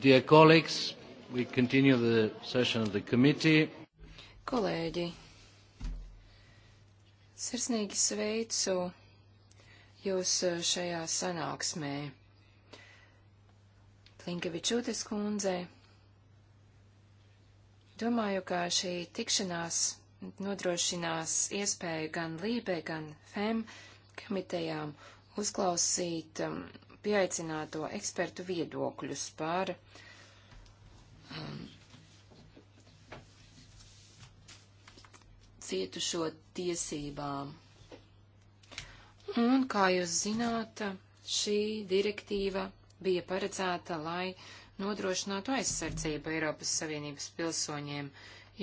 Dear colleagues, we continue the session of the committee. Kolēģi, sirsnīgi sveicu jūs uh, šajā sanāksmē. Plinkevičūtes kundze, domāju, ka šī tikšanās nodrošinās iespēju gan Lībe, gan FEM komitejām uzklausīt um, pieaicināto ekspertu viedokļus par um, cietušo tiesībām. Un, kā jūs zināt, šī direktīva bija paredzēta, lai nodrošinātu aizsardzību Eiropas Savienības pilsoņiem,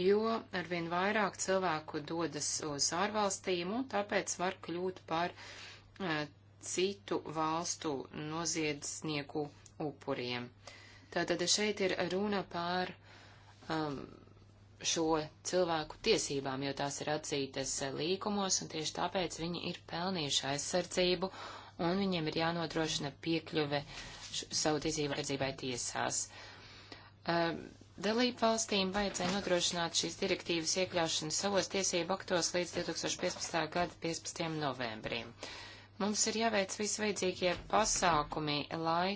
jo arvien vairāk cilvēku dodas uz ārvalstīm un tāpēc var kļūt par eh, citu valstu noziedznieku upuriem. Tātad šeit ir runa pār um, šo cilvēku tiesībām, jo tās ir atzītas līkumos, un tieši tāpēc viņi ir pelnījuši aizsardzību, un viņiem ir jānodrošina piekļuve savu tiesību aizsardzībai tiesās. Um, Dalību valstīm vajadzēja nodrošināt šīs direktīvas iekļaušanu savos tiesību aktos līdz 2015. gada 15. novembrim. Uh, Mums ir jāveic visveidzīgie pasākumi, lai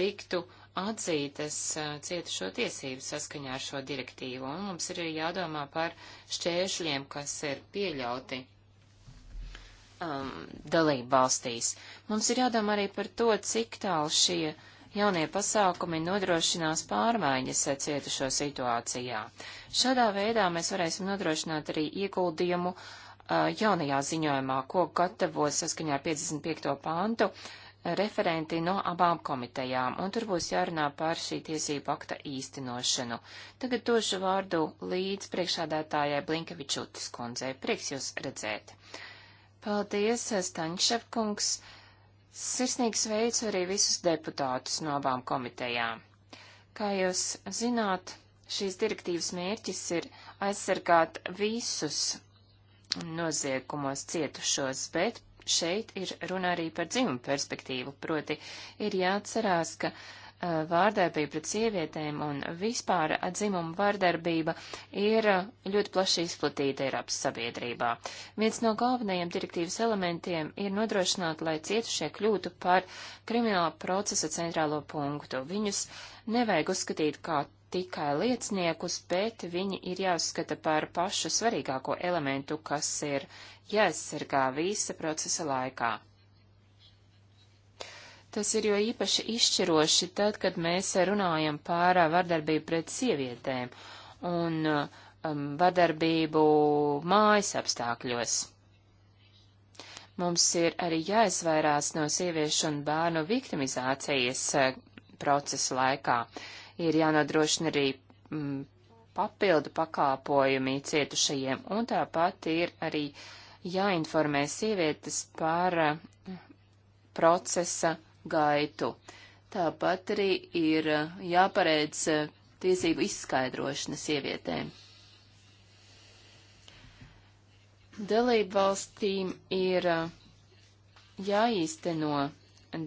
tiktu atzītas cietušo tiesības saskaņā ar šo direktīvu, un mums ir jādomā par šķēršļiem, kas ir pieļauti um, dalību valstīs. Mums ir jādomā arī par to, cik tālu šie jaunie pasākumi nodrošinās pārmaiņas cietušo situācijā. Šādā veidā mēs varēsim nodrošināt arī ieguldījumu uh, jaunajā ziņojumā, ko gatavo saskaņā ar 55. pāntu referenti no abām komitejām, un tur būs jārunā par šī tiesību akta īstenošanu. Tagad došu vārdu līdz priekšādātājai Blinkevičūtis kundzei. Prieks jūs redzēt. Paldies, Staņševkungs. Sirsnīgi sveicu arī visus deputātus no abām komitejām. Kā jūs zināt, šīs direktīvas mērķis ir aizsargāt visus noziegumos cietušos, bet šeit ir runa arī par dzimumu perspektīvu, proti ir jāatcerās, ka vārdarbība pret sievietēm un vispār dzimuma vārdarbība ir ļoti plaši izplatīta Eiropas sabiedrībā. Viens no galvenajiem direktīvas elementiem ir nodrošināt, lai cietušie kļūtu par krimināla procesa centrālo punktu. Viņus nevajag uzskatīt kā tikai lieciniekus, bet viņi ir jāuzskata par pašu svarīgāko elementu, kas ir jāaizsargā visa procesa laikā. Tas ir jo īpaši izšķiroši tad, kad mēs runājam par vardarbību pret sievietēm un um, vardarbību mājas apstākļos. Mums ir arī jāizvairās no sieviešu un bērnu viktimizācijas procesa laikā ir jānodrošina arī mm, papildu pakāpojumi cietušajiem, un tāpat ir arī jāinformē sievietes par eh, procesa gaitu. Tāpat arī ir eh, jāpareidz eh, tiesību izskaidrošana sievietēm. Dalību valstīm ir jāīsteno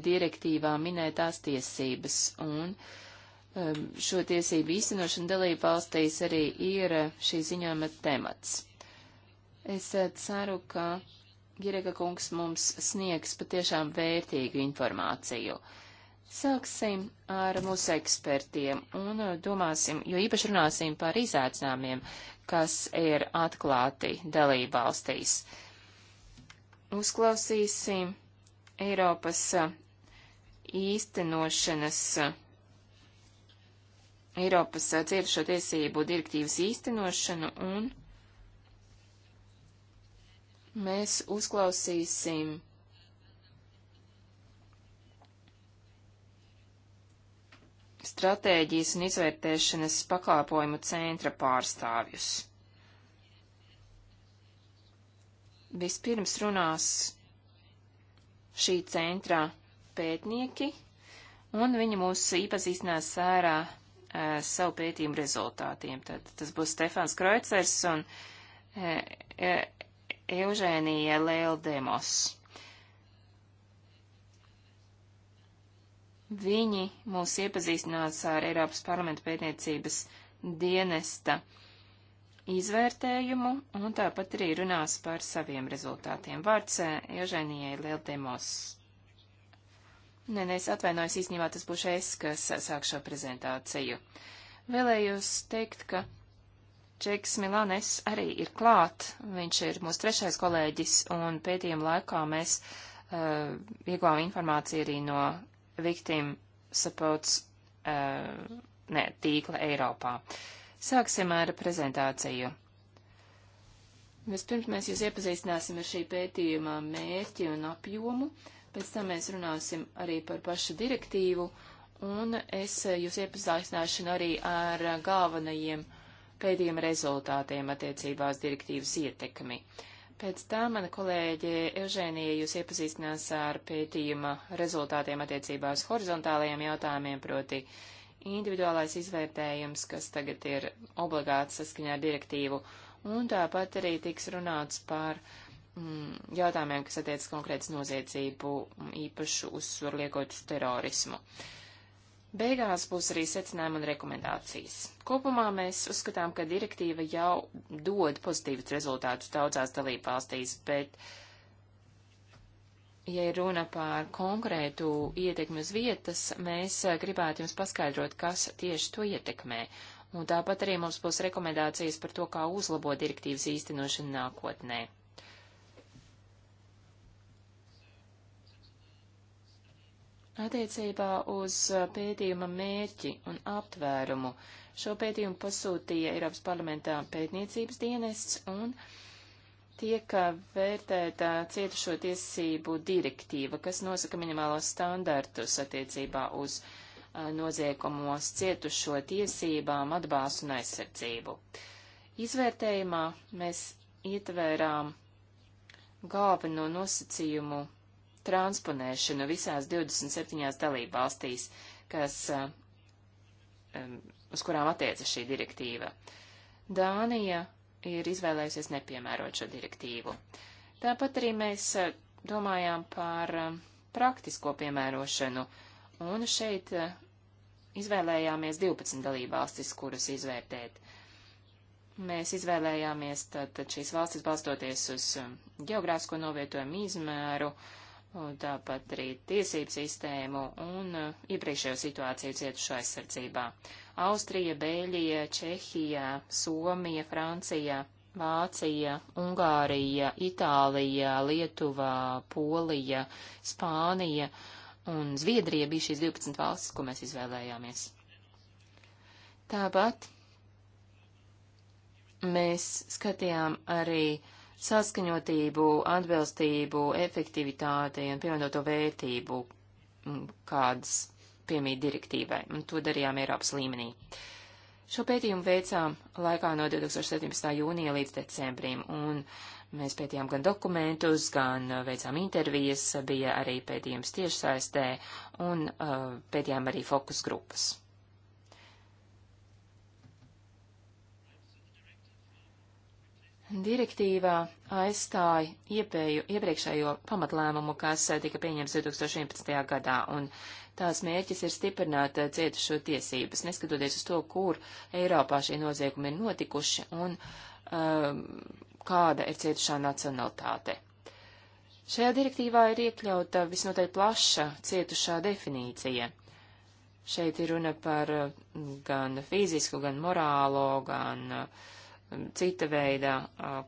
direktīvā minētās tiesības, un Um, šo tiesību īstenošana dalību valstīs arī ir uh, šī ziņojuma temats. Es uh, ceru, ka Girega kungs mums sniegs patiešām vērtīgu informāciju. Sāksim ar mūsu ekspertiem un uh, domāsim, jo īpaši runāsim par izaicinājumiem, kas ir atklāti dalību valstīs. Uzklausīsim Eiropas īstenošanas Eiropas eh, cietušo tiesību direktīvas īstenošanu un mēs uzklausīsim stratēģijas un izvērtēšanas pakāpojumu centra pārstāvjus. Vispirms runās šī centra pētnieki, un viņi mūs iepazīstinās sērā uh, savu pētījumu rezultātiem. Tad tas būs Stefans Kreicers un uh, uh, Eugenija Leldemos. Viņi mūs iepazīstinās ar Eiropas parlamenta pētniecības dienesta izvērtējumu un tāpat arī runās par saviem rezultātiem. Vārds uh, Eugenijai Leldemos. Nē, nē, es atvainojos, īstenībā tas būšu es, kas sāk šo prezentāciju. Vēlējos teikt, ka Čeks Milanes arī ir klāt, viņš ir mūsu trešais kolēģis, un pētījuma laikā mēs uh, ieguvām informāciju arī no Victim Supports uh, ne, tīkla Eiropā. Sāksim ar prezentāciju. Vispirms mēs jūs iepazīstināsim ar šī pētījuma mērķi un apjomu. Uh, Pēc tam mēs runāsim arī par pašu direktīvu, un es jūs iepazīstināšu arī ar galvenajiem pēdējiem rezultātiem attiecībās direktīvas ietekmi. Pēc tā mana kolēģe Eužēnija jūs iepazīstinās ar pētījuma rezultātiem attiecībās horizontālajiem jautājumiem, proti individuālais izvērtējums, kas tagad ir obligāts saskaņā ar direktīvu, un tāpat arī tiks runāts par uh, mm, jautājumiem, kas attiecas konkrētas noziedzību, mm, īpašu uzsvaru liekot uz terorismu. Beigās būs arī secinājumi un rekomendācijas. Kopumā mēs uzskatām, ka direktīva jau dod pozitīvus rezultātus daudzās dalībvalstīs, bet, ja runa par konkrētu ietekmi uz vietas, mēs eh, gribētu jums paskaidrot, kas tieši to ietekmē. Un tāpat arī mums būs rekomendācijas par to, kā uzlabot direktīvas īstenošanu nākotnē. Attiecībā uz uh, pētījuma mērķi un aptvērumu šo pētījumu pasūtīja Eiropas parlamentā pētniecības dienests un tiek uh, vērtēta cietušo tiesību direktīva, kas nosaka minimālos standartus attiecībā uz uh, noziegumos cietušo tiesībām, atbalstu un aizsardzību. Izvērtējumā mēs ietvērām galveno nosacījumu transponēšanu visās 27 dalībvalstīs, kas, uz kurām attieca šī direktīva. Dānija ir izvēlējusies nepiemērot šo direktīvu. Tāpat arī mēs domājām par praktisko piemērošanu, un šeit izvēlējāmies 12 dalībvalstis, kuras izvērtēt. Mēs izvēlējāmies tātad šīs valstis balstoties uz geogrāfisko novietojumu izmēru, uh, un tāpat arī tiesību sistēmu un uh, iepriekšējo situāciju cietušo aizsardzībā. Austrija, Bēļija, Čehija, Somija, Francija, Vācija, Ungārija, Itālija, Lietuva, Polija, Spānija un Zviedrija bija šīs 12 valstis, ko mēs izvēlējāmies. Tāpat mēs skatījām arī uh, saskaņotību, atbilstību, efektivitāti un pievienoto vērtību, mm, kādas piemīt direktīvai, un to darījām Eiropas līmenī. Šo pētījumu veicām laikā no 2017. jūnija līdz decembrim, un mēs pētījām gan dokumentus, gan uh, veicām intervijas, bija arī pētījums tiešsaistē, un uh, pētījām arī fokus grupas. Direktīvā aizstāja iepēju, iepriekšējo pamatlēmumu, kas eh, tika pieņemts 2011. gadā, un tās mērķis ir stiprināt eh, cietušo tiesības, neskatoties uz to, kur Eiropā šie noziegumi ir notikuši un um, kāda ir cietušā nacionalitāte. Šajā direktīvā ir iekļauta visnotaļ plaša cietušā definīcija. Šeit ir runa par eh, gan fizisku, gan morālo, gan uh, cita veida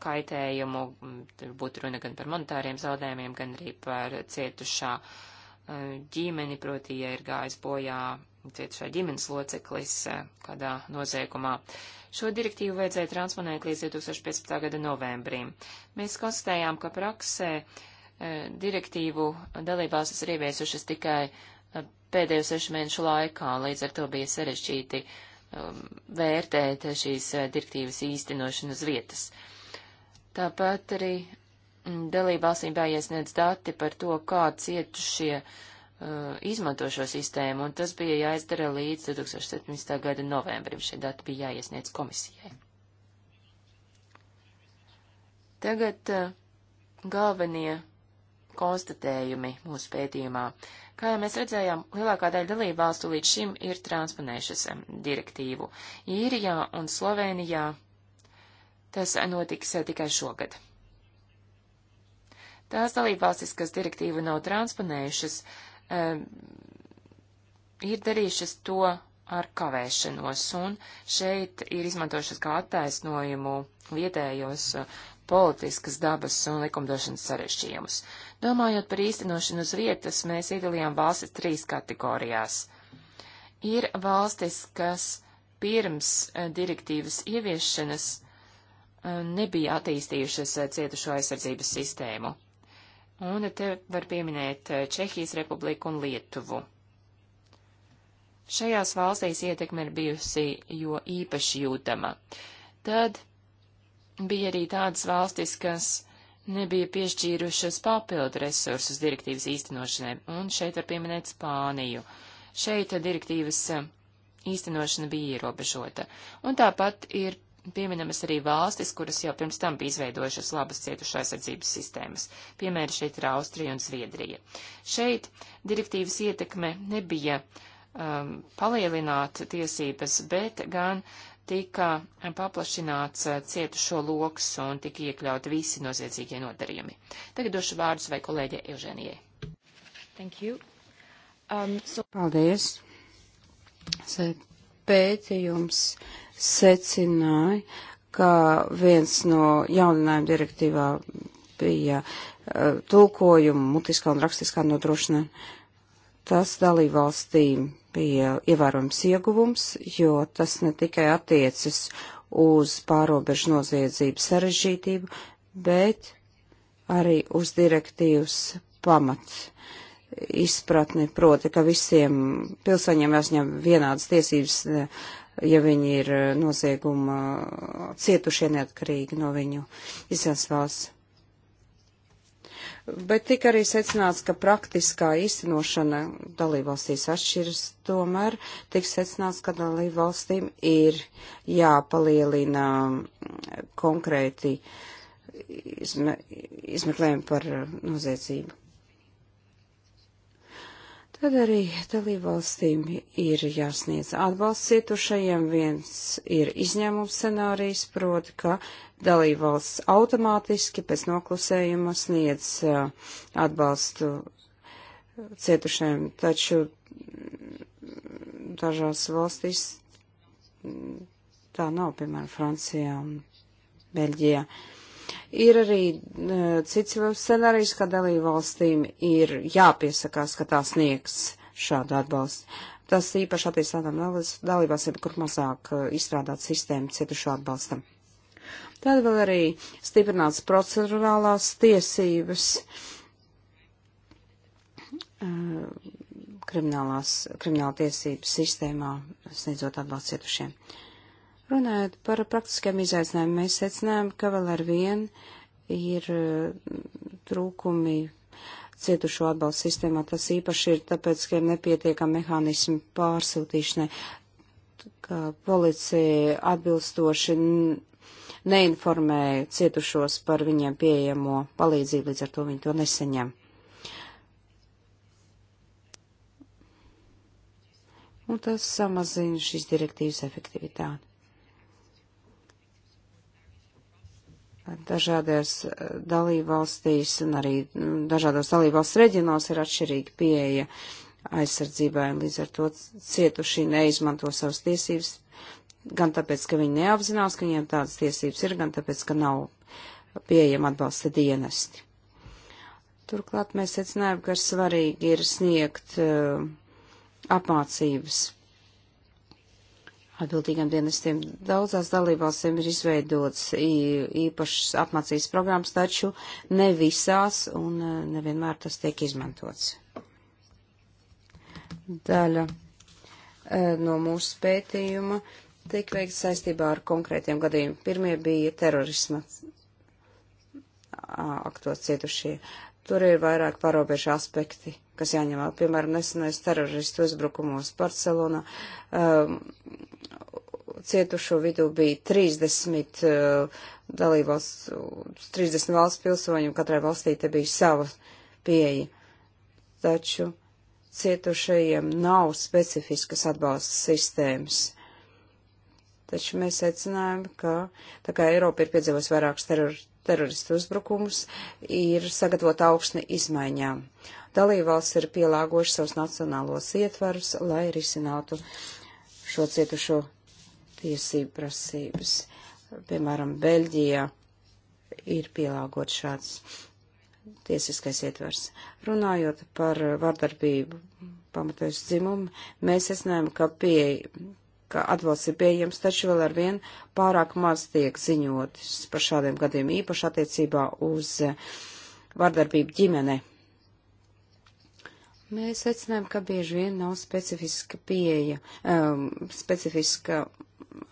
kaitējumu, mm, tur būtu runa gan par monetāriem zaudējumiem, gan arī par cietušā ģimeni, proti, ja ir gājis bojā cietušā ģimenes loceklis kādā noziegumā. Šo direktīvu vajadzēja transponēt līdz 2015. gada novembrim. Mēs konstatējām, ka praksē direktīvu dalībvalstis ir ieviesušas tikai pēdējo sešu mēnešu laikā, līdz ar to bija sarežģīti uh, Um, vērtēt šīs uh, direktīvas īstenošanas vietas. Tāpat arī mm, dalībvalstīm jāiesniedz dati par to, kā cietušie uh, izmanto šo sistēmu, un tas bija jāizdara līdz 2017. gada novembrim. Šie dati bija jāiesniedz komisijai. Tagad uh, galvenie konstatējumi mūsu pētījumā. Uh, Kā jau mēs redzējām, lielākā daļa dalībvalstu līdz šim ir transponējušas direktīvu. Īrijā un Slovenijā tas notiks eh, tikai šogad. Tās dalībvalstis, kas direktīvu nav transponējušas, ir darījušas to ar kavēšanos, un šeit ir izmantošas kā attaisnojumu vietējos politiskas dabas un likumdošanas sarešķījumus. Domājot par īstenošanu uz vietas, mēs iedalījām valstis trīs kategorijās. Ir valstis, kas pirms eh, direktīvas ieviešanas eh, nebija attīstījušas eh, cietušo aizsardzības sistēmu. Un te var pieminēt Čehijas republiku un Lietuvu. Šajās valstīs ietekme ir bijusi jo īpaši jūtama. Tad Bija arī tādas valstis, kas nebija piešķīrušas papildu resursus direktīvas īstenošanai, un šeit var pieminēt Spāniju. Šeit direktīvas eh, īstenošana bija ierobežota. Un tāpat ir pieminamas arī valstis, kuras jau pirms tam bija izveidojušas labas cietušā aizsardzības sistēmas. Piemēram, šeit ir Austrija un Zviedrija. Šeit direktīvas ietekme nebija um, palielināt tiesības, bet gan uh, tika paplašināts eh, cietušo loks un tika iekļaut visi noziedzīgie nodarījumi. Tagad došu vārdus vai kolēģe Eugenijai. Thank you. Um, so... Paldies. Pētījums secināja, ka viens no jauninājuma direktīvā bija uh, eh, tulkojuma mutiskā un rakstiskā nodrošina. Tas dalībvalstīm bija ievērojams ieguvums, jo tas ne tikai attiecas uz pārobežu noziedzību sarežģītību, bet arī uz direktīvas pamat izpratni, proti, ka visiem pilsoņiem jāsņem vienādas tiesības, ja viņi ir nozieguma cietušie neatkarīgi no viņu izcelsmes valsts bet tika arī secināts, ka praktiskā īstenošana dalībvalstīs atšķiras, tomēr tika secināts, ka dalībvalstīm ir jāpalielina mm, konkrēti izme, izmeklējumi par noziedzību. Tad arī dalībvalstīm ir jāsniedz atbalsts cietušajiem. Viens ir izņēmums scenārijs, proti, ka dalībvalsts automātiski pēc noklusējuma sniedz atbalstu cietušajiem, taču dažās valstīs tā nav, piemēram, Francijā un Beļģijā. Uh, Ir arī uh, cits scenārijs, ka dalībvalstīm ir jāpiesakās, ka tās sniegs šādu atbalstu. Tas īpaši attiecas tādām dalībvalstīm, kur mazāk uh, izstrādāt sistēmu cietušu atbalstam. Tad vēl arī stiprināts procedurālās tiesības uh, kriminālās, krimināla tiesības sistēmā sniedzot atbalstu cietušiem. Uh, Runājot par praktiskiem izaicinājumiem, mēs secinājām, ka vēl ar vienu ir mm, trūkumi cietušo atbalstu sistēmā. Tas īpaši ir tāpēc, ka ir nepietiekami mehānismi pārsūtīšanai, ka policija atbilstoši neinformē cietušos par viņiem pieejamo palīdzību, līdz ar to viņi to neseņem. Un tas samazina šīs direktīvas efektivitāti. dažādās eh, dalībvalstīs un arī mm, dažādās dalībvalsts reģionos ir atšķirīga pieeja aizsardzībai, un līdz ar to cietuši neizmanto savas tiesības, gan tāpēc, ka viņi neapzinās, ka viņiem tādas tiesības ir, gan tāpēc, ka nav pieejama atbalsta dienesti. Turklāt mēs secinājām, ka svarīgi ir sniegt uh, apmācības atbildīgiem dienestiem. Daudzās dalībvalstīm ir izveidots īpašas apmācības programmas, taču ne visās un e, nevienmēr tas tiek izmantots. Daļa e, no mūsu pētījuma tika veikts saistībā ar konkrētiem gadījumiem. Pirmie bija terorisma aktos cietušie. Tur ir vairāk parobežu aspekti kas jāņem vēl, piemēram, nesenais teroristu uzbrukumos Barcelonā. Um, cietušo vidū bija 30 uh, dalībvalsts, 30 valsts pilsoņu, un katrai valstī te bija sava pieeja. Taču cietušajiem nav specifiskas atbalsta sistēmas. Taču mēs secinājām, ka tā kā Eiropa ir piedzīvojusi vairākus teror, teroristu uzbrukumus, ir sagatavota augsne izmaiņām. Uh, dalībvalsts ir pielāgojuši savus nacionālos ietvarus, lai risinātu šo cietušo tiesību prasības. Piemēram, Beļģijā ir pielāgot šāds tiesiskais ietvers. Runājot par vardarbību pamatojas dzimumu, mēs esam, ka pie, ka atbalsts ir pieejams, taču vēl ar vien pārāk maz tiek ziņotis par šādiem gadiem īpaši attiecībā uz vardarbību ģimene. Mēs secinām, ka bieži vien nav specifiska pieeja, um, specifiska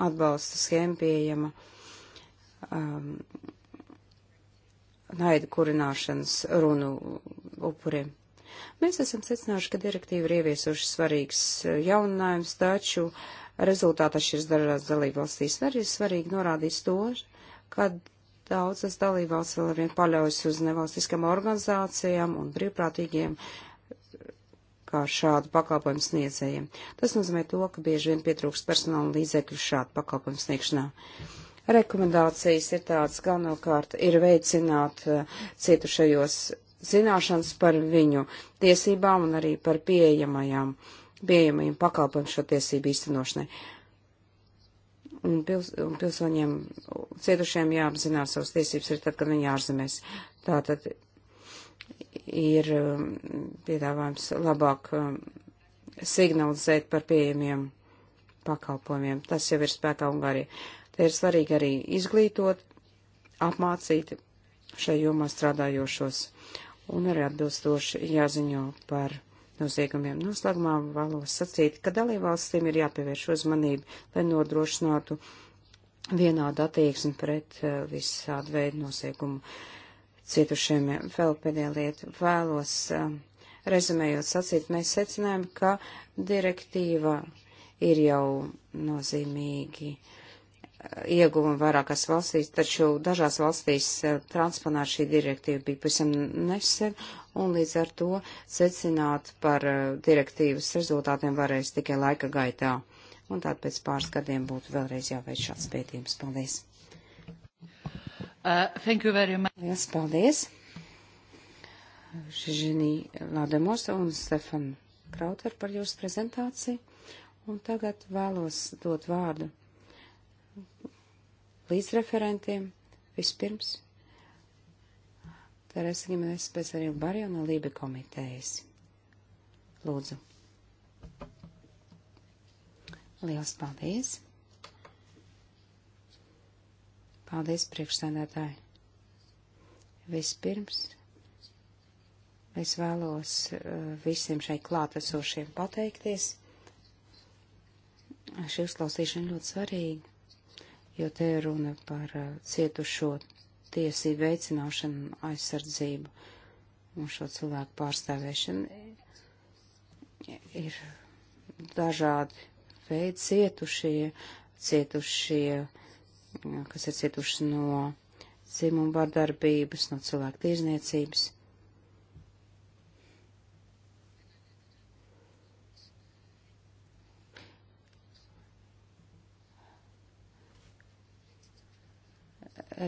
atbalsta schēma pieejama um, naida kurināšanas runu upuriem. Mēs esam secinājuši, ka direktīva ir ieviesuši svarīgs uh, jauninājums, taču rezultātā šis dažās dalībvalstīs arī ir svarīgi norādīt to, ka daudzas dalībvalsts vēl vien paļaujas uz nevalstiskām organizācijām un brīvprātīgiem uh, kā šādu pakalpojumu sniedzējiem. Tas nozīmē to, ka bieži vien pietrūkst personāla līdzekļu šādu pakalpojumu sniegšanā. Rekomendācijas ir tādas galvenokārt ir veicināt eh, cietušajos zināšanas par viņu tiesībām un arī par pieejamajām, pieejamajiem pakalpojumu šo tiesību īstenošanai. Un, pils, un pilsoņiem cietušiem jāapzinās savas tiesības ir tad, kad viņi ārzemēs. Tātad ir um, piedāvājums labāk um, signalizēt par pieejamiem pakalpojumiem. Tas jau ir spēkā Ungārija. Te ir svarīgi arī izglītot, apmācīt šai jomā strādājošos un arī atbilstoši jāziņo par noziegumiem. Noslēgumā vēlos sacīt, ka dalībvalstīm ir jāpievērš uzmanība, lai nodrošinātu vienādu attieksmi pret uh, visādu veidu noziegumu cietušiem. Vēl pēdējā lieta vēlos, um, rezumējot sacīt, mēs secinājām, ka direktīva ir jau nozīmīgi uh, ieguvumi vairākās valstīs, taču dažās valstīs uh, transponēt šī direktīva bija pavisam nesen, un līdz ar to secināt par uh, direktīvas rezultātiem varēs tikai laika gaitā. Un tāpēc pāris gadiem būtu vēlreiz jāveic šāds pētījums. Paldies! Uh, thank you very much. Lielas paldies. Žižinī Lādemosa un Stefan Krauter par jūsu prezentāciju. Un tagad vēlos dot vārdu līdzreferentiem. Vispirms Teresa Gimenez Pesarīla Barjo no Lībe komitejas. Lūdzu. Lielas paldies! Paldies, priekšsēdētāji. Vispirms es vēlos eh, visiem šai klātesošiem pateikties. Šī uzklausīšana ļoti svarīga, jo te ir runa par eh, cietušo tiesību veicināšanu, aizsardzību un šo cilvēku pārstāvēšanu. Ir dažādi veidi cietušie, cietušie uh, kas ir cietuši no dzimumu vardarbības, no cilvēku tirzniecības.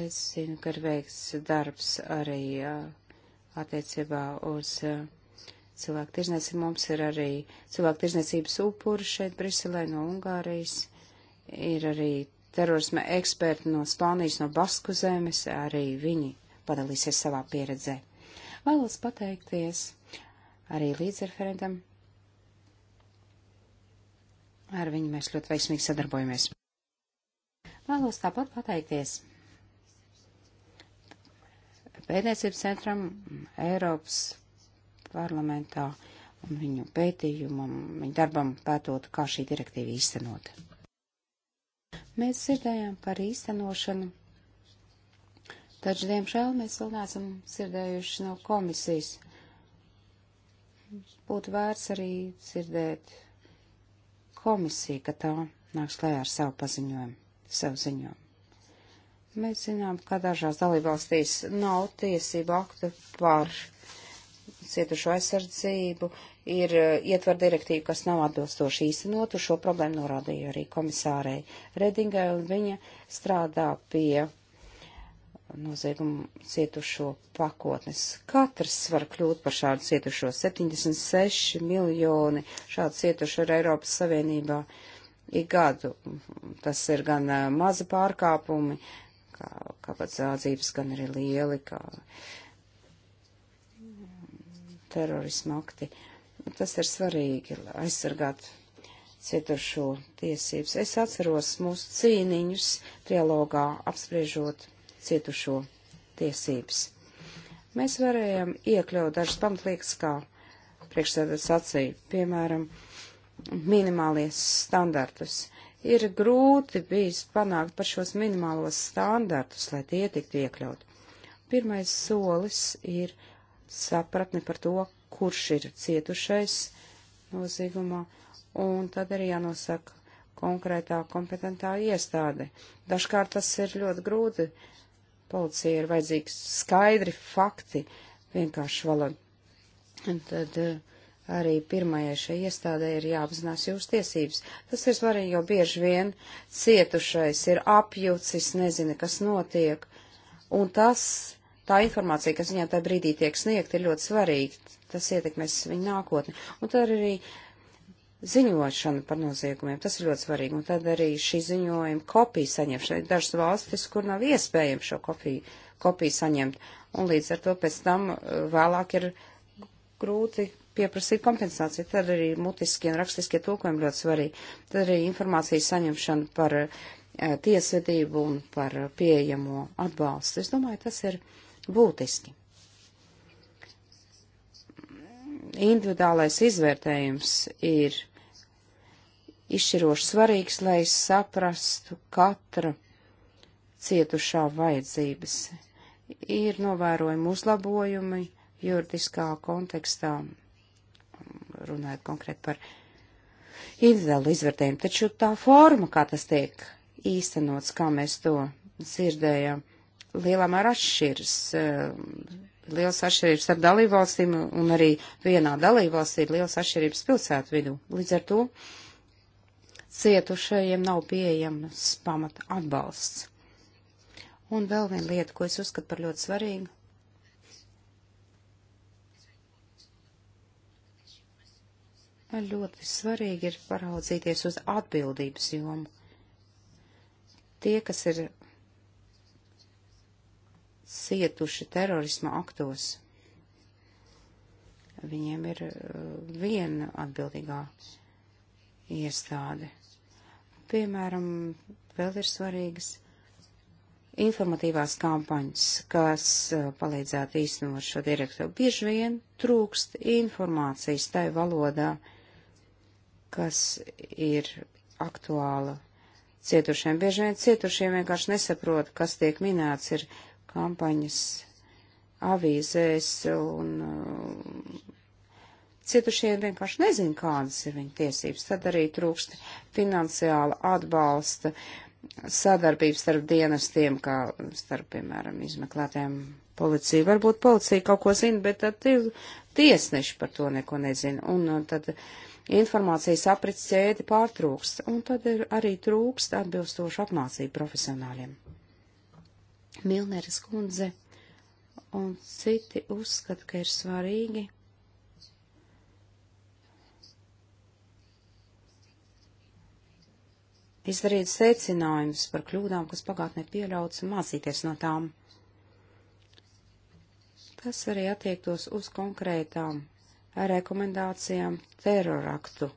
Es zinu, ka ir veikts darbs arī attiecībā uz cilvēku tirzniecību. Mums ir arī cilvēku tirzniecības upuri šeit Briselē no Ungārijas. Ir arī terorisma eksperti no Spānijas, no Basku zemes, arī viņi padalīsies savā pieredzē. Vēlos pateikties arī līdzreferentam. Ar viņu mēs ļoti veiksmīgi sadarbojamies. Vēlos tāpat pateikties pētniecības centram Eiropas parlamentā un viņu pētījumam, viņu darbam pētot, kā šī direktīva īstenot. Mēs dzirdējām par īstenošanu, taču, diemžēl, mēs vēl neesam dzirdējuši no komisijas. Būtu vērts arī dzirdēt komisiju, ka tā nāks klajā ar savu paziņojumu, savu ziņojumu. Mēs zinām, ka dažās dalībvalstīs nav tiesību aktu par cietušo aizsardzību ir eh, ietver direktīva, kas nav atbilstoši īstenot, uz šo problēmu norādīja arī komisārei Redingai, un viņa strādā pie noziegumu cietušo pakotnes. Katrs var kļūt par šādu cietušo. 76 miljoni šādu cietušu ir Eiropas Savienībā ik gadu. Tas ir gan eh, mazi pārkāpumi, kā, kā pats eh, zādzības, gan arī lieli, kā uh, terorisma akti. Tas ir svarīgi, lai aizsargātu cietušo tiesības. Es atceros mūsu cīniņus trialogā apspriežot cietušo tiesības. Mēs varējām iekļaut dažas pamatliekas, kā priekšsēdētājs sacīja, piemēram, minimālies standartus. Ir grūti bijis panākt par šos minimālos standartus, lai tie tiktu iekļaut. Pirmais solis ir sapratni par to, kurš ir cietušais nozīgumā, un tad arī jānosaka konkrētā kompetentā iestāde. Dažkārt tas ir ļoti grūti. Policija ir vajadzīgs skaidri fakti, vienkārši valoda. Un tad eh, arī pirmajai šai iestādē ir jāapzinās jūsu tiesības. Tas ir svarīgi, jo bieži vien cietušais ir apjucis, nezina, kas notiek. Un tas tā informācija, kas viņai tajā brīdī tiek sniegta, ir ļoti svarīga. Tas ietekmēs viņu nākotni. Un tad arī ziņošana par noziegumiem, tas ir ļoti svarīgi. Un tad arī šī ziņojuma kopija saņemšana. Ir dažas valstis, kur nav iespējams šo kopiju, kopiju saņemt. Un līdz ar to pēc tam uh, vēlāk ir grūti pieprasīt kompensāciju. Tad arī mutiskie un rakstiskie tulkojumi ļoti svarīgi. Tad arī informācijas saņemšana par uh, tiesvedību un par uh, pieejamo atbalstu. Es domāju, tas ir būtiski. Individuālais izvērtējums ir izšķiroši svarīgs, lai saprastu katra cietušā vajadzības. Ir novērojumi uzlabojumi juridiskā kontekstā, runājot konkrēti par individuālu izvērtējumu, taču tā forma, kā tas tiek īstenots, kā mēs to dzirdējam, lielā mērā atšķiras. Eh, liels atšķirības starp dalībvalstīm un arī vienā dalībvalstī ir liels atšķirības pilsētu vidū. Līdz ar to cietušajiem nav pieejams pamata atbalsts. Un vēl viena lieta, ko es uzskatu par ļoti svarīgu. Ļoti svarīgi ir paraudzīties uz atbildības jomu. Tie, kas ir cietuši terorisma aktos. Viņiem ir uh, viena atbildīgā iestāde. Piemēram, vēl ir svarīgas informatīvās kampaņas, kas uh, palīdzētu īstenot šo direktīvu. Bieži vien trūkst informācijas tai valodā, kas ir aktuāla cietušiem. Bieži vien cietušiem vienkārši nesaprot, kas tiek minēts, ir kampaņas avīzēs un uh, cietušie vienkārši nezin, kādas ir viņu tiesības. Tad arī trūkst finansiāla atbalsta, sadarbības starp dienestiem, kā starp, piemēram, izmeklētēm policiju. Varbūt policija kaut ko zina, bet tad tiesneši par to neko nezina. Un uh, tad informācijas aprits ķēdi pārtrūkst. Un tad arī trūkst atbilstošu apmācību profesionāļiem. Milneris kundze un citi uzskata, ka ir svarīgi izdarīt secinājumus par kļūdām, kas pagātnē pieļauts un mācīties no tām. Tas arī attiektos uz konkrētām rekomendācijām teroraktu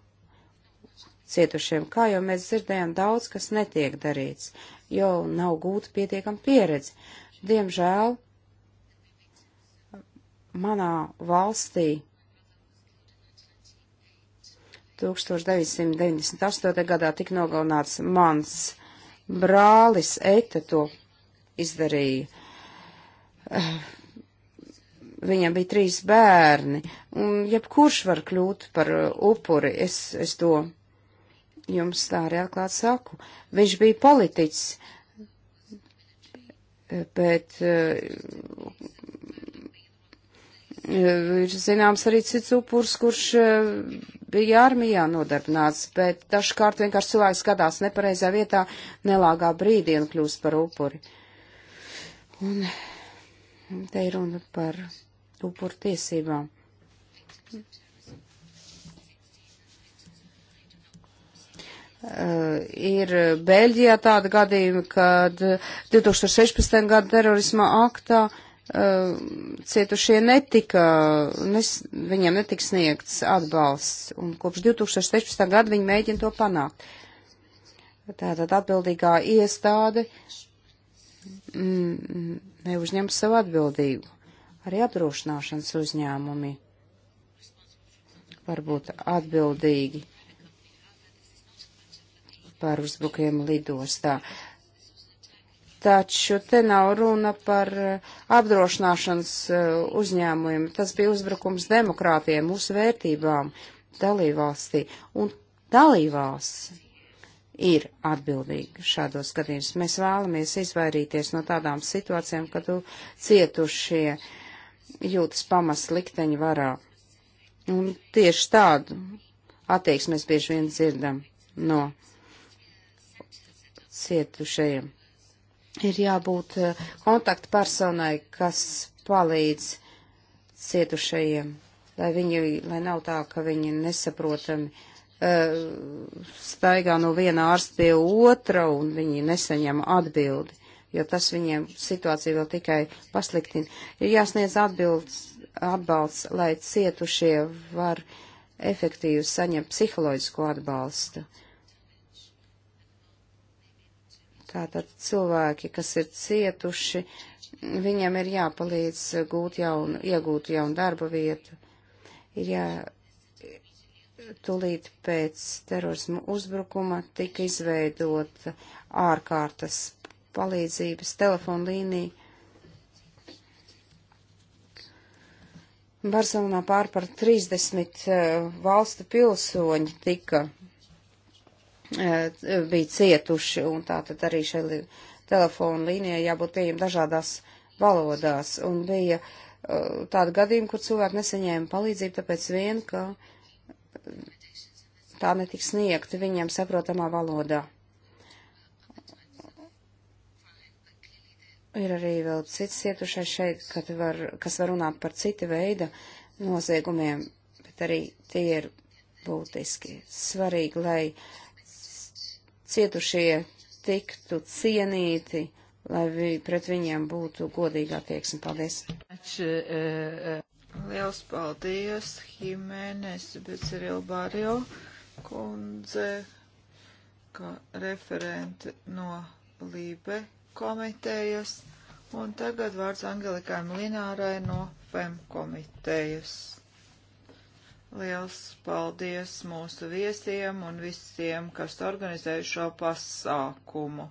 cietušiem. Kā jau mēs dzirdējām, daudz kas netiek darīts, jo nav gūta pietiekama pieredze. Diemžēl manā valstī 1998. gadā tika nogalināts mans brālis Eita to izdarīja. Viņam bija trīs bērni, un jebkurš var kļūt par upuri, es, es to jums tā arī atklāt saku. Viņš bija politiķis, bet eh, ir zināms arī cits upurs, kurš eh, bija armijā nodarbināts, bet dažkārt vienkārši cilvēks skatās nepareizā vietā, nelāgā brīdī un kļūst par upuri. Un te ir runa par upuru tiesībām. Eh, ir Beļģijā tāda gadījuma, kad 2016. gada terorisma aktā eh, cietušie netika, nes, viņiem netika sniegts atbalsts, un kopš 2016. gada viņi mēģina to panākt. Tātad atbildīgā iestāde mm, neuzņem savu atbildību. Arī apdrošināšanas uzņēmumi var būt atbildīgi par uzbrukiem lidostā. Taču te nav runa par eh, apdrošināšanas eh, uzņēmumiem. Tas bija uzbrukums demokrātiem, mūsu vērtībām dalībvalstī. Un dalībvalsts ir atbildīga šādos gadījumos. Mēs vēlamies izvairīties no tādām situācijām, kad cietušie jūtas pamas likteņu varā. Un tieši tādu attieksmi mēs bieži vien dzirdam no cietušajiem. Ir jābūt eh, kontaktpersonai, kas palīdz cietušajiem, lai viņi, lai nav tā, ka viņi nesaprotami uh, staigā no viena ārsta pie otra un viņi nesaņem atbildi, jo tas viņiem situāciju vēl tikai pasliktina. Ir jāsniedz atbildes, atbalsts, lai cietušie var efektīvi saņemt psiholoģisko atbalstu. Uh, Tātad cilvēki, kas ir cietuši, viņam ir jāpalīdz gūt jaunu, iegūt jaunu darba vietu. Ir jā, tūlīt pēc terorismu uzbrukuma tika izveidota ārkārtas palīdzības telefonlīnija. Barcelonā pār par 30 eh, valstu pilsoņi tika bija cietuši, un tā tad arī šai li telefonu līnijai jābūt pieejam dažādās valodās, un bija uh, tāda gadījuma, kur cilvēki nesaņēma palīdzību, tāpēc vien, ka tā netiks sniegta viņiem saprotamā valodā. Ir arī vēl cits cietušais šeit, kad var, kas var runāt par cita veida noziegumiem, bet arī tie ir būtiski svarīgi, lai uh, cietušie tiktu cienīti, lai vi, pret viņiem būtu godīga attieksme. Paldies! E, e, liels paldies, Himēnes Becerilbārio kundze, kā referente no Lībe komitejas. Un tagad vārds Angelikai Mlinārai no FEM komitejas. Liels paldies mūsu viesiem un visiem, kas organizēja šo pasākumu.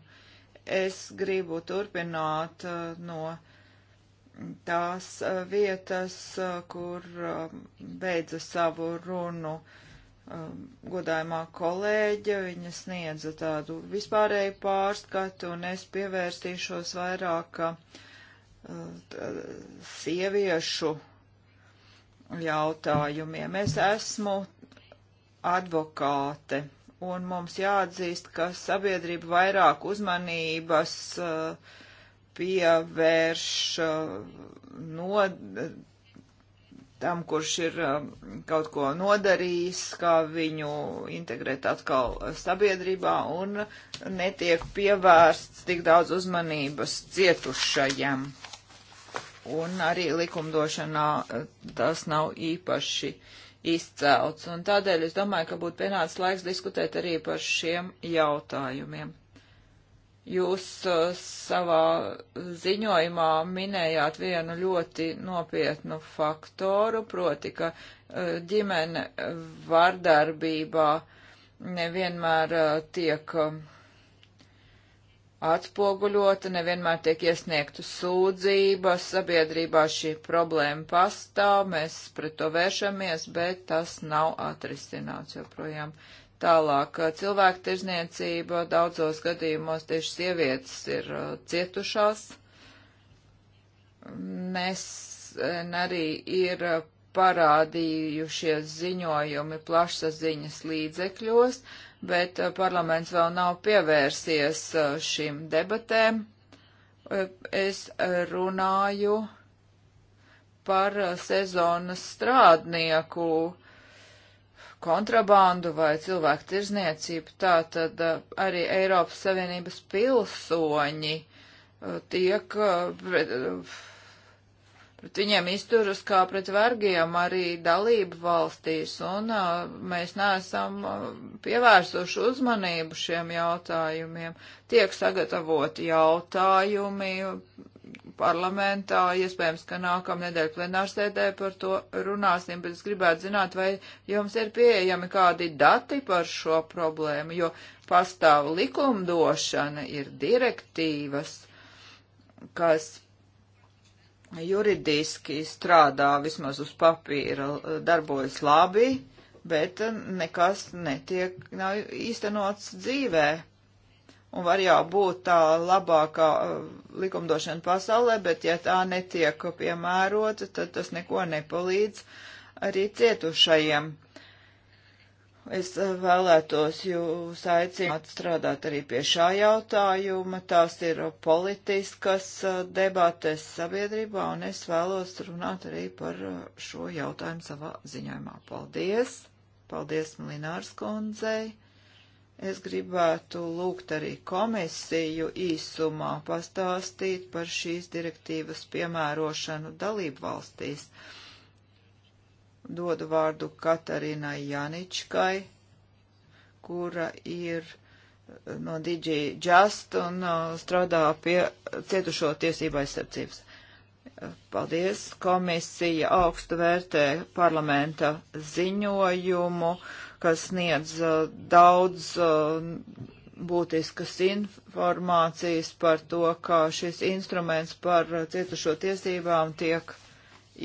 Es gribu turpināt uh, no tās uh, vietas, uh, kur um, beidza savu runu um, godājumā kolēģa, viņa sniedza tādu vispārēju pārskatu, un es pievērstīšos vairāk sieviešu jautājumiem. Es esmu advokāte, un mums jāatzīst, ka sabiedrība vairāk uzmanības uh, pievērš uh, no tam, kurš ir um, kaut ko nodarījis, kā viņu integrēt atkal sabiedrībā un netiek pievērsts tik daudz uzmanības cietušajam un arī likumdošanā eh, tas nav īpaši izcelts. Un tādēļ es domāju, ka būtu pienācis laiks diskutēt arī par šiem jautājumiem. Jūs uh, savā ziņojumā minējāt vienu ļoti nopietnu faktoru, proti, ka uh, ģimene vardarbībā nevienmēr uh, tiek atspoguļota, nevienmēr tiek iesniegtu sūdzības, sabiedrībā šī problēma pastāv, mēs pret to vēršamies, bet tas nav atrisināts joprojām. Tālāk, cilvēku tirzniecība daudzos gadījumos tieši sievietes ir cietušās. Nesen arī ir parādījušies ziņojumi plašsaziņas līdzekļos, uh, bet eh, parlaments vēl nav pievērsies eh, šīm debatēm. Eh, es runāju par sezonas strādnieku kontrabandu vai cilvēku tirzniecību, tā tad arī Eiropas Savienības pilsoņi tiek pret viņiem izturas kā pret vergiem arī dalību valstīs, un uh, mēs neesam uh, pievērsuši uzmanību šiem jautājumiem. Tiek sagatavoti jautājumi parlamentā, iespējams, ka nākamnedēļ plenārsēdē par to runāsim, bet es gribētu zināt, vai jums ir pieejami kādi dati par šo problēmu, jo pastāv likumdošana, ir direktīvas, kas juridiski strādā vismaz uz papīra, darbojas labi, bet eh, nekas netiek, nav īstenots dzīvē. Un var jau būt tā labākā eh, likumdošana pasaulē, bet ja tā netiek piemērota, tad tas neko nepalīdz arī cietušajiem. Es eh, vēlētos jūs aicināt strādāt arī pie šā jautājuma. Tās ir politiskas eh, debates sabiedrībā, un es vēlos runāt arī par eh, šo jautājumu savā ziņojumā. Paldies! Paldies Milinārs kundzei! Es gribētu lūgt arī komisiju īsumā pastāstīt par šīs direktīvas piemērošanu dalību valstīs. Uh, dodu vārdu Katarinai Janičkai, kura ir eh, no DJ Just un uh, strādā pie cietušo tiesību aizsardzības. Eh, paldies! Komisija augstu vērtē parlamenta ziņojumu, kas sniedz uh, daudz uh, būtiskas informācijas par to, kā šis instruments par cietušo tiesībām tiek uh,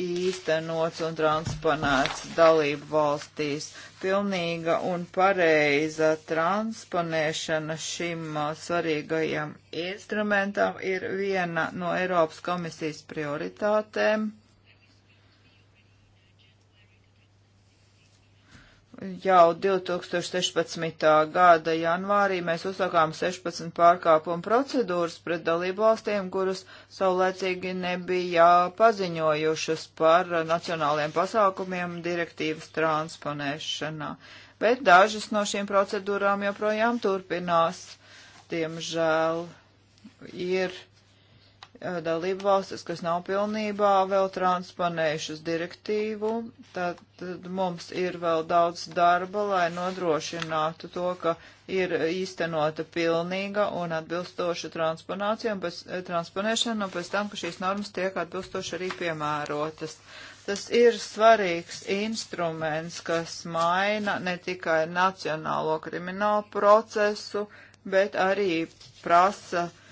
īstenots un transponēts dalību valstīs. Pilnīga un pareiza transponēšana šim uh, svarīgajam instrumentam ir viena no Eiropas komisijas prioritātēm. jau 2016. gada janvārī mēs uzsākām 16 pārkāpumu procedūras pret dalību valstīm, kuras saulēcīgi nebija paziņojušas par nacionāliem pasākumiem direktīvas transponēšanā. Bet dažas no šīm procedūrām joprojām turpinās. Diemžēl ir Eh, dalību valstis, kas nav pilnībā vēl transponējušas direktīvu, tad, tad mums ir vēl daudz darba, lai nodrošinātu to, ka ir īstenota pilnīga un atbilstoša transponēšana, un pēc, eh, transponēšana, un pēc tam, ka šīs normas tiek atbilstoši arī piemērotas. Tas ir svarīgs instruments, kas maina ne tikai nacionālo kriminālu procesu, bet arī prasa uh,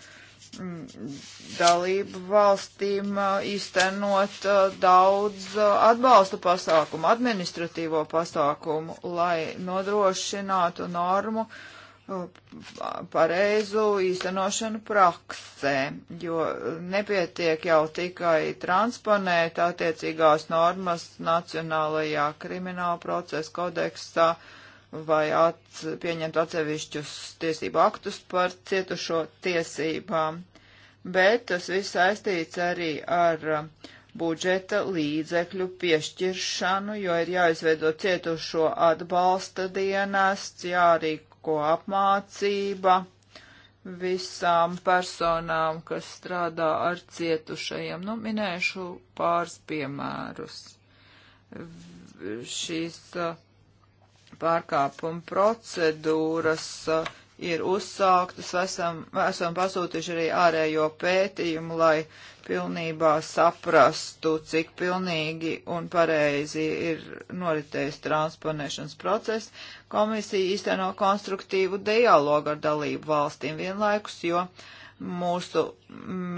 dalību valstīm īstenot daudz atbalsta pasākumu, administratīvo pasākumu, lai nodrošinātu normu pareizu īstenošanu praksē, jo nepietiek jau tikai transponēt attiecīgās normas Nacionālajā krimināla procesa kodeksā, uh, vai at, pieņemt atsevišķus tiesību aktus par cietušo tiesībām, bet tas viss saistīts arī ar uh, budžeta līdzekļu piešķiršanu, jo ir jāizveido cietušo atbalsta dienests, jārīko apmācība visām personām, kas strādā ar cietušajiem. Nu, minēšu pāris piemērus. Šīs uh, pārkāpuma procedūras uh, ir uzsāktas. Esam, esam pasūtījuši arī ārējo pētījumu, lai pilnībā saprastu, cik pilnīgi un pareizi ir noritējis transponēšanas process. Komisija īsteno konstruktīvu dialogu ar dalību valstīm vienlaikus, jo mūsu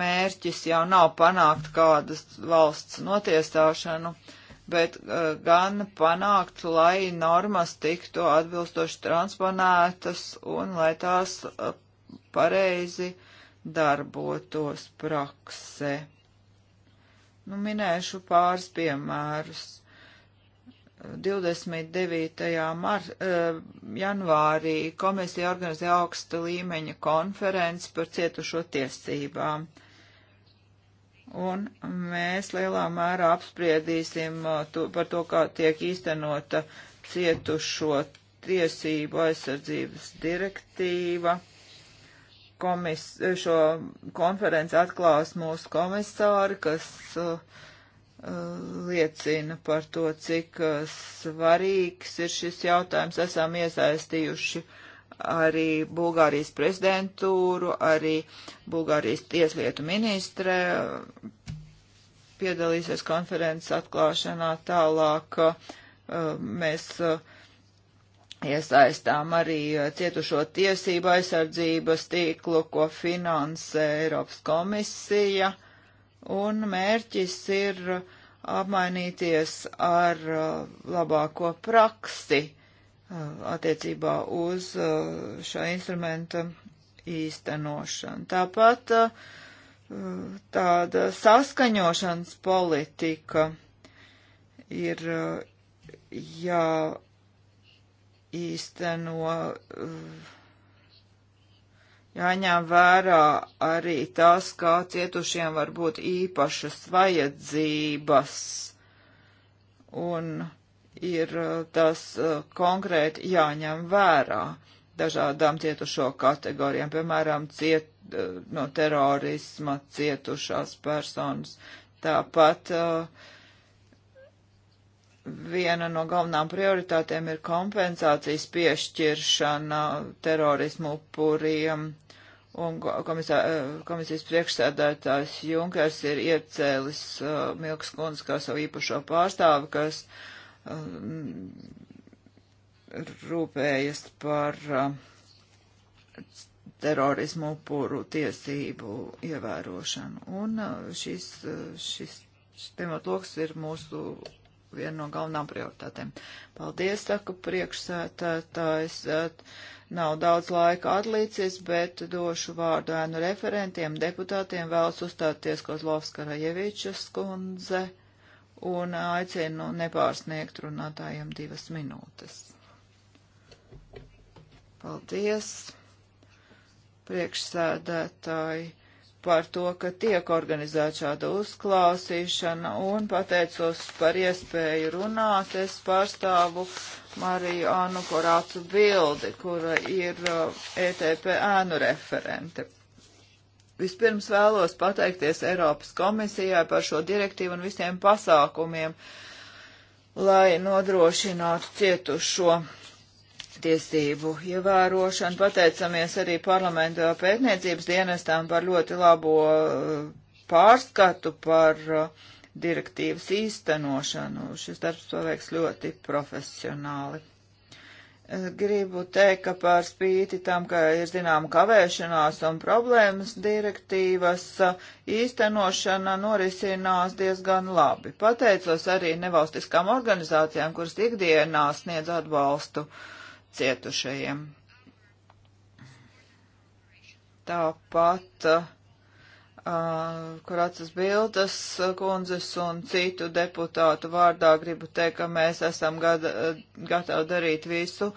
mērķis jau nav panākt kādas valsts notiesāšanu, uh, bet uh, gan panākt, lai normas tiktu atbilstoši transponētas un lai tās uh, pareizi darbotos praksē. Nu, minēšu pāris piemērus. 29. Mar, uh, janvārī komisija organizēja augsta līmeņa konferenci par cietušo tiesībām. Uh, un mēs lielā mērā apspriedīsim uh, to, par to, kā tiek īstenota cietušo tiesību aizsardzības direktīva. Komis, eh, šo konferenci atklās mūsu komisāri, kas uh, uh, liecina par to, cik uh, svarīgs ir šis jautājums. Esam iesaistījuši uh, arī Bulgārijas prezidentūru, arī Bulgārijas tieslietu ministre piedalīsies konferences atklāšanā tālāk. Uh, mēs uh, iesaistām arī uh, cietušo tiesību aizsardzības tīklu, ko finansē Eiropas komisija, un mērķis ir apmainīties ar labāko praksi Uh, attiecībā uz uh, šā instrumenta īstenošanu. Tāpat uh, tāda saskaņošanas politika ir jāīsteno, jāņem vērā arī tas, kā cietušiem var būt īpašas vajadzības un uh, ir uh, tas uh, konkrēti jāņem vērā dažādām cietušo kategorijām, piemēram, ciet, uh, no terorisma cietušās personas. Tāpat viena no galvenām prioritātēm ir kompensācijas piešķiršana terorismu upuriem. Un komisā, komisijas priekšsēdētājs Junkers ir iecēlis uh, Milks kundz kā savu īpašo pārstāvu, kas uh, Um, rūpējas par um, terorismu upuru tiesību ievērošanu. Un uh, uh, šis, šis, šis pamatloks ir mūsu viena no galvenām prioritātēm. Paldies, saka priekšsētājs. Uh, nav daudz laika atlicis, bet došu vārdu ēnu referentiem, deputātiem vēlas uzstāties Kozlovska Rajevičas kundze un aicinu nepārsniegt runātājiem divas minūtes. Paldies, priekšsēdētāji, par to, ka tiek organizēta šāda uzklausīšana un pateicos par iespēju runāt. Es pārstāvu Mariju Anu Korācu Bildi, kura ir uh, ETP ēnu referente. Vispirms vēlos pateikties Eiropas komisijai par šo direktīvu un visiem pasākumiem, lai nodrošinātu cietušo tiesību ievērošanu. Pateicamies arī parlamenta pētniecības dienestām par ļoti labo uh, pārskatu par uh, direktīvas īstenošanu. Šis darbs paveiks ļoti profesionāli. Eh, gribu teikt, ka pār spīti tam, ka ir zināma kavēšanās un problēmas direktīvas eh, īstenošana norisinās diezgan labi. Pateicos arī nevalstiskām organizācijām, kuras ikdienā sniedz atbalstu cietušajiem. Tāpat uh, uh, Kuracas Bildas kundzes un citu deputātu vārdā gribu teikt, ka mēs esam gada, gatavi darīt visu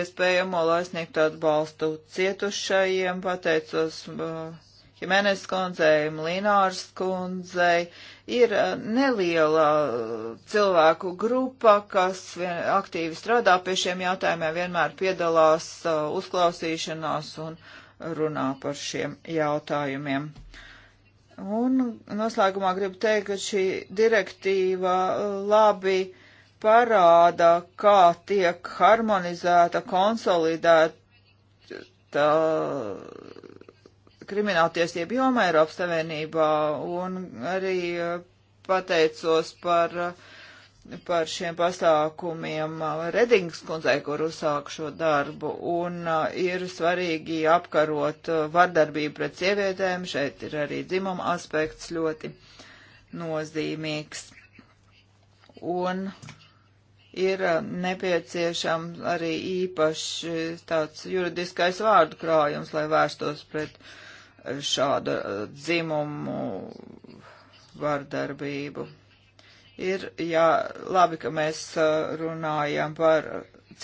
iespējamo, lai sniegtu atbalstu cietušajiem. Pateicos uh, Jimenez kundzei, Linārs kundzei. Ir uh, neliela cilvēku grupa, kas vien, aktīvi strādā pie šiem jautājumiem, vienmēr piedalās uzklausīšanās un runā par šiem jautājumiem. Un noslēgumā gribu teikt, ka šī direktīva uh, labi parāda, kā tiek harmonizēta, konsolidēta uh, krimināltiesība joma Eiropas Savienībā un arī uh, pateicos par uh, par šiem pasākumiem uh, Redings kundzei, kur uzsāk šo darbu, un uh, ir svarīgi apkarot uh, vardarbību pret sievietēm, šeit ir arī dzimuma aspekts ļoti nozīmīgs. Un ir nepieciešams arī īpaši tāds juridiskais vārdu krājums, lai vērstos pret šādu dzimumu vardarbību ir jā, labi, ka mēs uh, runājam par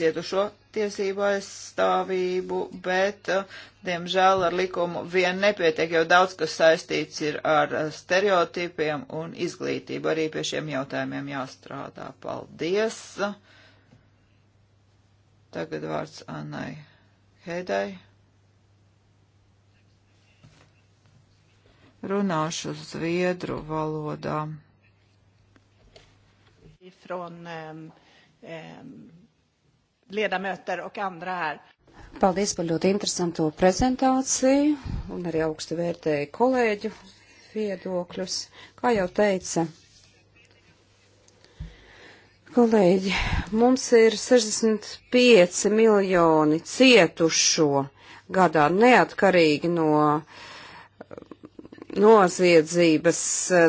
cietušo tiesību aizstāvību, bet, uh, diemžēl, ar likumu vien nepietiek, jo daudz kas saistīts ir ar uh, stereotipiem un izglītību. Arī pie šiem jautājumiem jāstrādā. Paldies! Tagad vārds Annai Heidai. Runāšu zviedru valodā från ehm, ehm, ledamöter och andra här. Paldies par ļoti interesanto prezentāciju un arī augstu vērtēju kolēģu viedokļus. Kā jau teica kolēģi, mums ir 65 miljoni cietušo gadā neatkarīgi no noziedzības,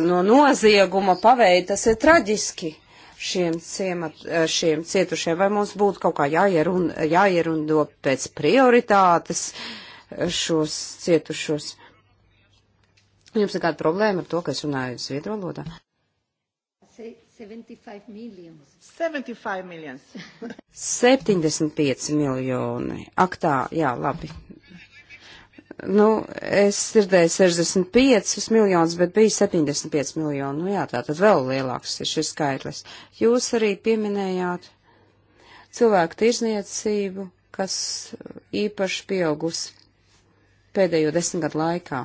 no nozieguma paveida. Tas ir traģiski šiem, ciemat, eh, šiem cietušiem, vai mums būtu kaut kā jāierun, jāierundo pēc prioritātes eh, šos cietušos. Jums ir kāda problēma ar to, ka es runāju zviedru valodā? 75 miljonus. 75 miljonus. 75 miljoni. Ak tā, jā, labi. Nu, es dzirdēju 65 miljonus, bet bija 75 miljoni. Nu jā, tā tad vēl lielāks ir šis skaitlis. Jūs arī pieminējāt cilvēku tirzniecību, kas īpaši pieaugusi pēdējo desmit gadu laikā.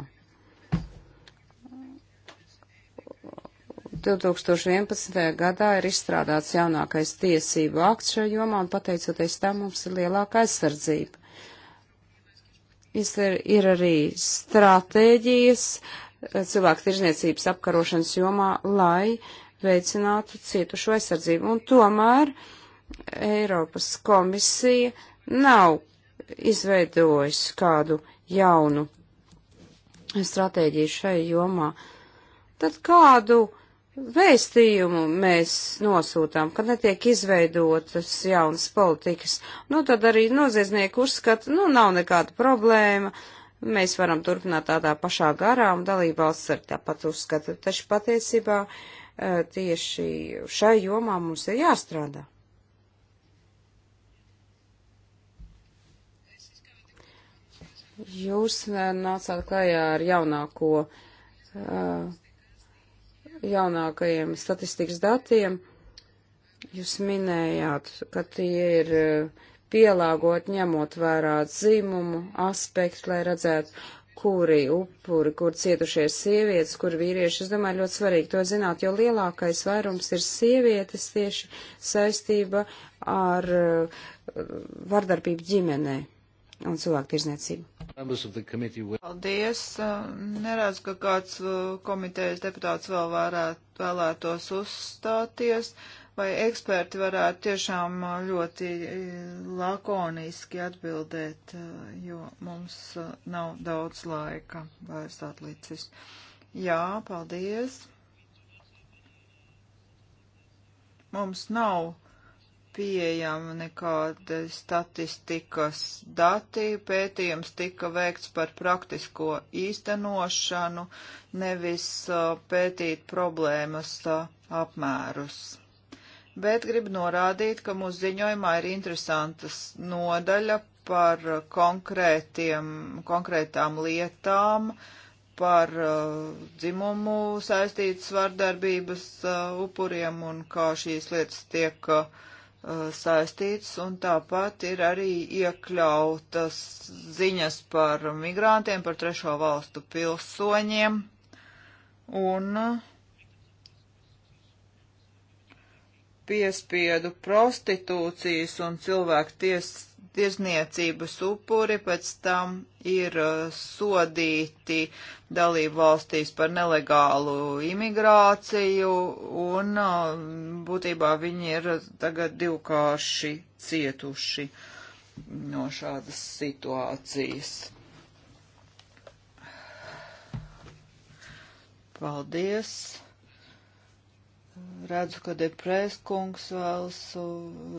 2011. gadā ir izstrādāts jaunākais tiesību akts šajā jomā, un pateicoties tam mums ir lielāka aizsardzība Ir, ir arī stratēģijas eh, cilvēku tirzniecības apkarošanas jomā, lai veicinātu cietušu aizsardzību. Un tomēr Eiropas komisija nav izveidojusi kādu jaunu stratēģiju šai jomā. Tad kādu uh, vēstījumu mēs nosūtām, ka netiek izveidotas jaunas politikas. Nu, tad arī noziedznieki uzskata, nu, nav nekāda problēma, mēs varam turpināt tādā pašā garā, un dalībvalsts arī tāpat uzskata. Taču patiesībā e, tieši šai jomā mums ir jāstrādā. Jūs e, nācāt klajā ar jaunāko uh, jaunākajiem statistikas datiem. Jūs minējāt, ka tie ir eh, pielāgot ņemot vērā dzimumu aspektu, lai redzētu, kuri upuri, kur cietušie sievietes, kur vīrieši. Es domāju, ļoti svarīgi to zināt, jo lielākais vairums ir sievietes tieši saistība ar eh, vardarbību ģimenei un cilvēku tirzniecību. Paldies. Neredz, ka kāds uh, komitejas deputāts vēl varētu, vēlētos uzstāties, vai eksperti varētu tiešām uh, ļoti uh, lakoniski atbildēt, jo mums nav daudz laika vairs atlicis. Jā, paldies. Mums nav pieejama nekāda statistikas dati. Pētījums tika veikts par praktisko īstenošanu, nevis uh, pētīt problēmas uh, apmērus. Bet gribu norādīt, ka mūsu ziņojumā ir interesantas nodaļa par uh, konkrētām lietām, par uh, dzimumu saistītas vardarbības uh, upuriem un kā šīs lietas tiek uh, saistīts, un tāpat ir arī iekļautas ziņas par migrantiem, par trešo valstu pilsoņiem, un piespiedu prostitūcijas un cilvēku tiesas tirzniecības upuri pēc tam ir uh, sodīti dalību valstīs par nelegālu imigrāciju un uh, būtībā viņi ir tagad divkārši cietuši no šādas situācijas. Paldies! Redzu, ka deprēs kungs vēlas uh,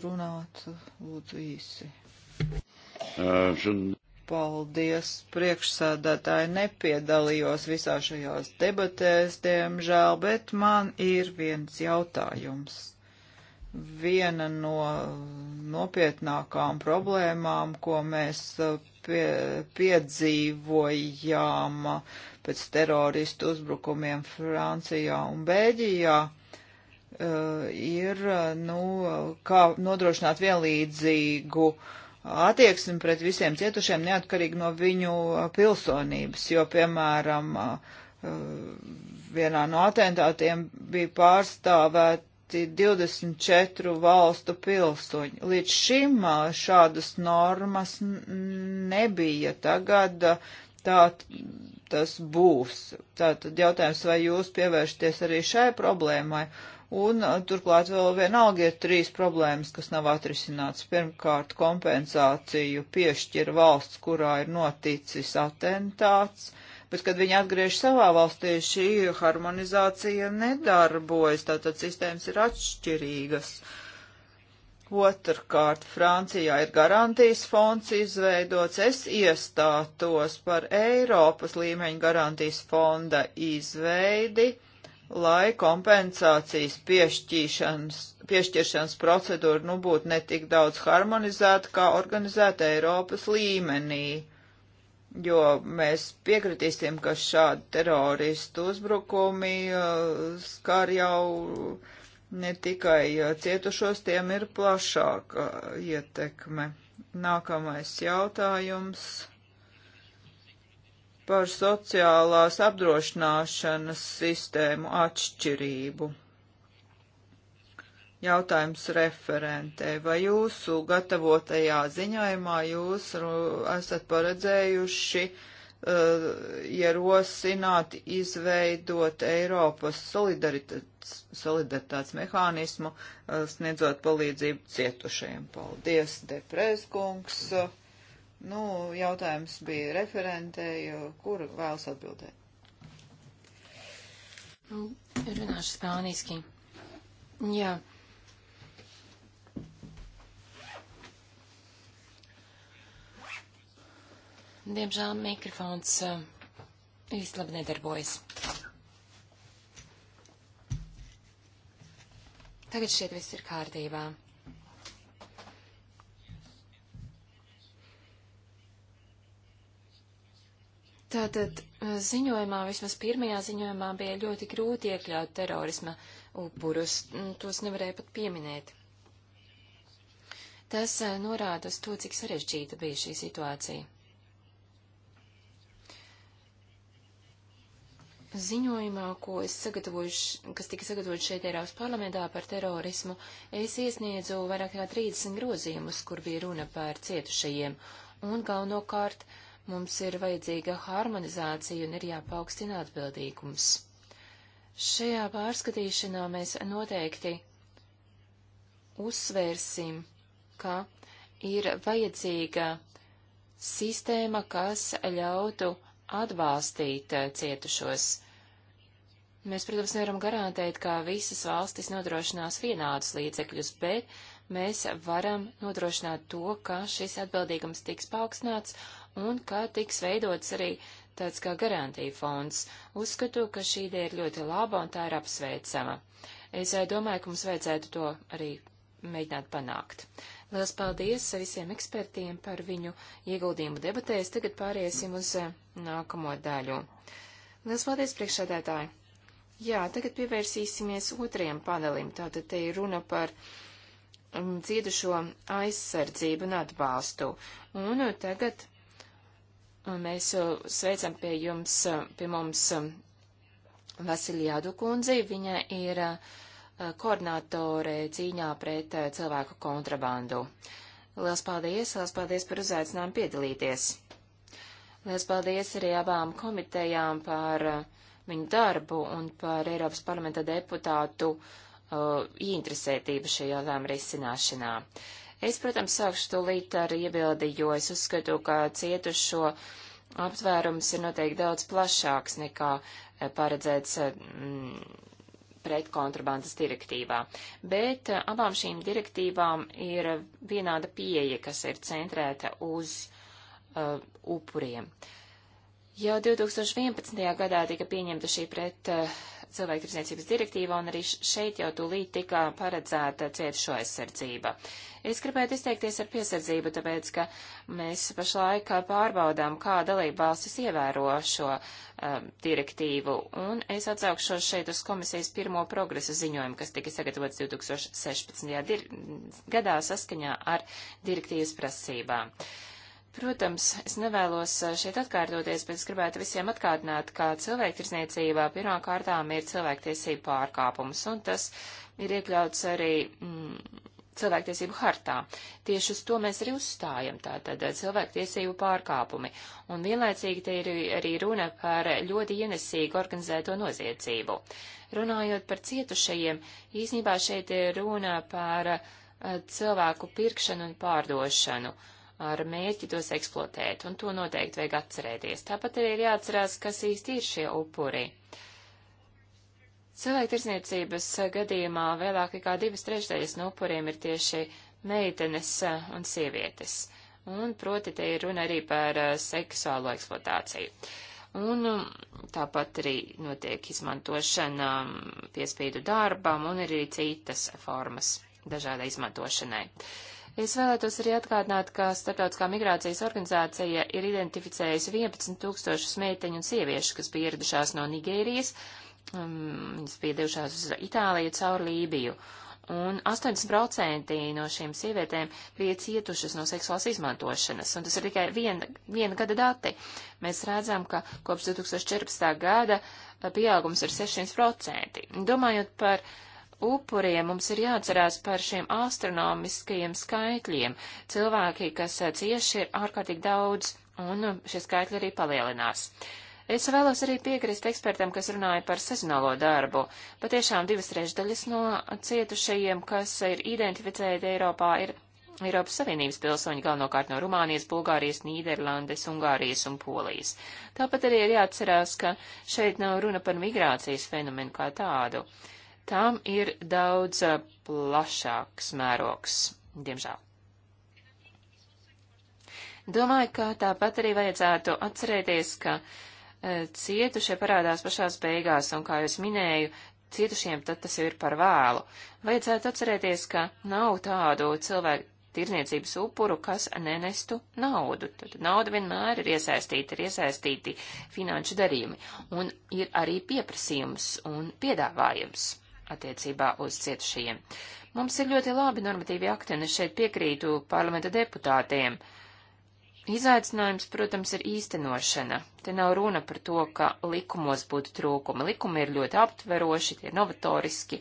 runāt, lūdzu īsi. Paldies, priekšsādātāji, nepiedalījos visā šajās debatēs, diemžēl, bet man ir viens jautājums. Viena no nopietnākām problēmām, ko mēs uh, pie, piedzīvojām uh, pēc teroristu uzbrukumiem Francijā un Bēģijā, uh, ir, nu, kā nodrošināt vienlīdzīgu uh, attieksmi pret visiem cietušiem neatkarīgi no viņu uh, pilsonības, jo, piemēram, uh, vienā no atentātiem bija pārstāvēti 24 valstu pilsoņi. Līdz šim uh, šādas normas nebija. Tagad tā tas būs. Tātad jautājums, vai jūs pievēršaties arī šai problēmai? Uh, Un turklāt vēl vienalga ir trīs problēmas, kas nav atrisināts. Pirmkārt, kompensāciju piešķir valsts, kurā ir noticis atentāts, bet, kad viņi atgriež savā valstī, šī harmonizācija nedarbojas, tātad sistēmas ir atšķirīgas. Otrkārt, Francijā ir garantijas fonds izveidots. Es iestātos par Eiropas līmeņa garantijas fonda izveidi lai kompensācijas piešķīšanas, piešķiršanas procedūra nu būtu netik daudz harmonizēta kā organizēta Eiropas līmenī, jo mēs piekritīsim, ka šādi teroristu uzbrukumi uh, skar jau ne tikai uh, cietušos, tiem ir plašāka uh, ietekme. Nākamais jautājums par sociālās apdrošināšanas sistēmu atšķirību. Jautājums referentē, vai jūsu gatavotajā ziņojumā jūs esat paredzējuši uh, ierosināt, izveidot Eiropas solidaritātes, solidaritātes mehānismu, uh, sniedzot palīdzību cietušajiem. Paldies, Depreskungs! Uh, Nu, jautājums bija referentēju, kur vēlas atbildēt? Nu, runāšu spāniski. Jā. Diemžēl mikrofons uh, īsti labi nedarbojas. Tagad šeit viss ir kārtībā. Tātad eh, ziņojumā, vismaz pirmajā ziņojumā, bija ļoti grūti iekļaut terorisma upurus, mm, tos nevarēja pat pieminēt. Tas eh, norāda uz to, cik sarežģīta bija šī situācija. Ziņojumā, ko es sagatavoju, kas tika sagatavots šeit Eiropas parlamentā par terorismu, es iesniedzu vairāk kā 30 grozījumus, kur bija runa par cietušajiem, un galvenokārt uh, Mums ir vajadzīga harmonizācija un ir jāpaukstina atbildīgums. Šajā pārskatīšanā mēs noteikti uzsvērsim, ka ir vajadzīga sistēma, kas ļautu atbalstīt eh, cietušos. Mēs, protams, nevaram garantēt, ka visas valstis nodrošinās vienādus līdzekļus, bet mēs varam nodrošināt to, ka šis atbildīgums tiks paaugstināts un kā tiks veidots arī tāds kā garantija fonds. Uzskatu, ka šī ideja ir ļoti laba un tā ir apsveicama. Es eh, domāju, ka mums vajadzētu to arī mēģināt panākt. Lielas paldies visiem ekspertiem par viņu ieguldījumu debatēs. Tagad pāriesim uz eh, nākamo daļu. Lielas paldies, priekšsēdētāji! Jā, tagad pievērsīsimies otrajam panelim. Tātad te ir runa par dziedušo mm, aizsardzību un atbalstu. Un tagad Mēs uh, sveicam pie jums, uh, pie mums um, Vasiljādu kundzi. Viņa ir uh, koordinātore cīņā pret cilvēku kontrabandu. Lielas paldies, lielas paldies par uzaicinājumu piedalīties. Lielas paldies arī abām komitejām par viņu darbu un par Eiropas parlamenta deputātu uh, interesētību šī jautājuma risināšanā. Uh, Es, protams, sākšu tūlīt ar iebildi, jo es uzskatu, ka cietušo aptvērums ir noteikti daudz plašāks nekā eh, paredzēts eh, mm, pret kontrabandas direktīvā. Bet eh, abām šīm direktīvām ir vienāda pieeja, kas ir centrēta uz uh, upuriem. Jau 2011. gadā tika pieņemta šī pret uh, cilvēktirdzniecības direktīva, un arī šeit jau tūlīt tika paredzēta cietušo aizsardzība. Es gribētu izteikties ar piesardzību, tāpēc, ka mēs pašlaik pārbaudām, kā dalība valstis ievēro šo um, direktīvu, un es atsaukšos šeit uz komisijas pirmo progresa ziņojumu, kas tika sagatavots 2016. gadā saskaņā ar direktīvas prasībām. Uh, Protams, es nevēlos eh, šeit atkārtoties, bet es gribētu visiem atkārtināt, ka cilvēktirzniecībā pirmā kārtām ir cilvēktiesību pārkāpums, un tas ir iekļauts arī mm, cilvēktiesību hartā. Tieši uz to mēs arī uzstājam, tātad eh, cilvēktiesību pārkāpumi. Un vienlaicīgi te ir arī runa par ļoti ienesīgu organizēto noziedzību. Runājot par cietušajiem, īsnībā šeit ir runa par eh, cilvēku pirkšanu un pārdošanu. Uh, ar mērķi tos eksploatēt, un to noteikti vajag atcerēties. Tāpat arī ir jāatcerās, kas īsti ir šie upuri. Cilvēktirzniecības gadījumā vēlāk nekā divas trešdaļas no upuriem ir tieši meitenes un sievietes. Un, proti, te ir runa arī par eh, seksuālo eksploatāciju. Un um, tāpat arī notiek izmantošana um, piespīdu darbam un arī citas formas dažādai izmantošanai. Uh, Es vēlētos arī atgādināt, ka Starptautiskā migrācijas organizācija ir identificējusi 11 tūkstošus meiteņu un sieviešu, kas bija ieradušās no Nigērijas, um, viņas bija devušās uz Itāliju caur Lībiju. Un 80% no šīm sievietēm bija cietušas no seksuālas izmantošanas, un tas ir tikai viena, viena gada dati. Mēs redzam, ka kopš 2014. gada uh, pieaugums ir 600%. Domājot par uh, upuriem mums ir jāatcerās par šiem astronomiskajiem skaitļiem. Cilvēki, kas eh, cieši, ir ārkārtīgi daudz, un um, šie skaitļi arī palielinās. Es vēlos arī piekrist ekspertam, kas runāja par sezonālo darbu. Patiešām divas trešdaļas no cietušajiem, kas ir identificēti Eiropā, ir Eiropas Savienības pilsoņi galvenokārt no Rumānijas, Bulgārijas, Nīderlandes, Ungārijas un Polijas. Tāpat arī ir jāatcerās, ka šeit nav runa par migrācijas fenomenu kā tādu. Uh, tam ir daudz plašāks mērogs, diemžēl. Domāju, ka tāpat arī vajadzētu atcerēties, ka cietušie parādās pašās beigās, un, kā jūs minēju, cietušiem tad tas jau ir par vēlu. Vajadzētu atcerēties, ka nav tādu cilvēku tirniecības upuru, kas nenestu naudu. Tad nauda vienmēr ir iesaistīta, ir iesaistīti finanšu darījumi, un ir arī pieprasījums un piedāvājums attiecībā uz cietušajiem. Mums ir ļoti labi normatīvi akti, un es šeit piekrītu parlamenta deputātiem. Uh, Izaicinājums, protams, ir īstenošana. Te nav runa par to, ka likumos būtu trūkumi. Likumi ir ļoti aptveroši, tie ir novatoriski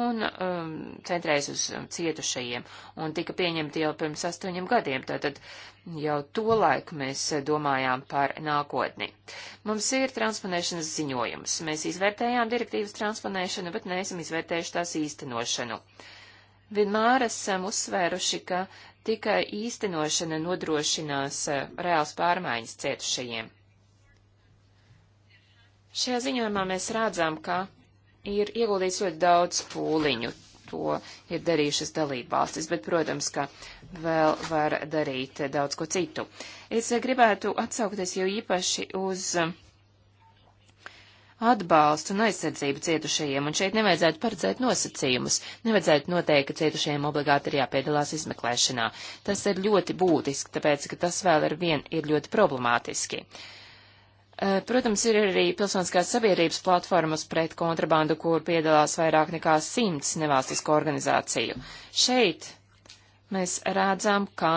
un um, centrējas uz um, cietušajiem un tika pieņemti jau pirms astoņiem gadiem. Tātad jau to laiku mēs uh, domājām par nākotni. Mums ir transponēšanas ziņojums. Mēs izvērtējām direktīvas transponēšanu, bet neesam izvērtējuši tās īstenošanu. Vienmēr esam uzsvēruši, ka Tikai īstenošana nodrošinās eh, reāls pārmaiņas cietušajiem. Šajā ziņojumā mēs redzam, ka ir ieguldīts ļoti daudz pūliņu. To ir darījušas dalībvalstis, bet, protams, ka vēl var darīt eh, daudz ko citu. Es eh, gribētu atsaukties jau īpaši uz uh, atbalstu un aizsardzību cietušajiem, un šeit nevajadzētu paredzēt nosacījumus, nevajadzētu noteikt, ka cietušajiem obligāti ir jāpiedalās izmeklēšanā. Tas ir ļoti būtiski, tāpēc, ka tas vēl ar vien ir ļoti problemātiski. Eh, protams, ir arī pilsoniskās sabiedrības platformas pret kontrabandu, kur piedalās vairāk nekā simts nevalstisko organizāciju. Šeit mēs redzam, ka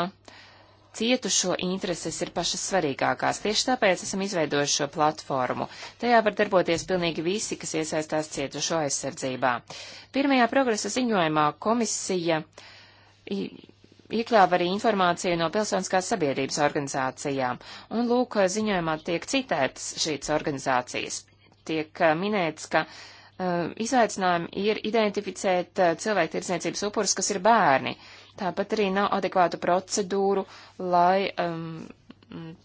cietušo intereses ir pašas svarīgākās. Tieši tāpēc esam izveidojuši šo platformu. Tajā var darboties pilnīgi visi, kas iesaistās cietušo aizsardzībā. Pirmajā progresa ziņojumā komisija iekļāva arī informāciju no pilsoniskās sabiedrības organizācijām, un lūk, ziņojumā tiek citētas šīs organizācijas. Tiek eh, minēts, ka uh, izaicinājumi ir identificēt uh, eh, cilvēktirdzniecības upurus, kas ir bērni. Uh, Tāpat arī nav adekvātu procedūru, lai um,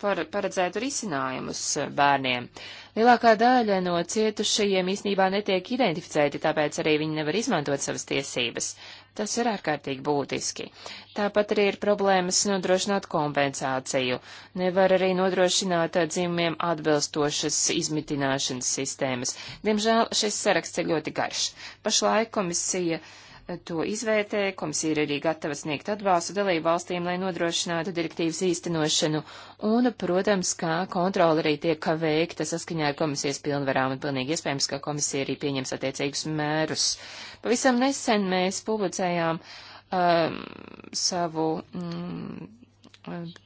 par, paredzētu risinājumus bērniem. Lielākā daļa no cietušajiem īsnībā netiek identificēti, tāpēc arī viņi nevar izmantot savas tiesības. Tas ir ārkārtīgi būtiski. Tāpat arī ir problēmas nodrošināt kompensāciju. Nevar arī nodrošināt dzimumiem atbilstošas izmitināšanas sistēmas. Diemžēl šis saraksts ir ļoti garš. Pašlaik komisija uh, to izvērtē, komisija ir arī gatava sniegt atbalstu dalību valstīm, lai nodrošinātu direktīvas īstenošanu, un, protams, kā kontrola arī tiek veikta saskaņā ar komisijas pilnvarām, un pilnīgi iespējams, ka komisija arī pieņems attiecīgus mērus. Pavisam nesen mēs publicējām um, savu mm,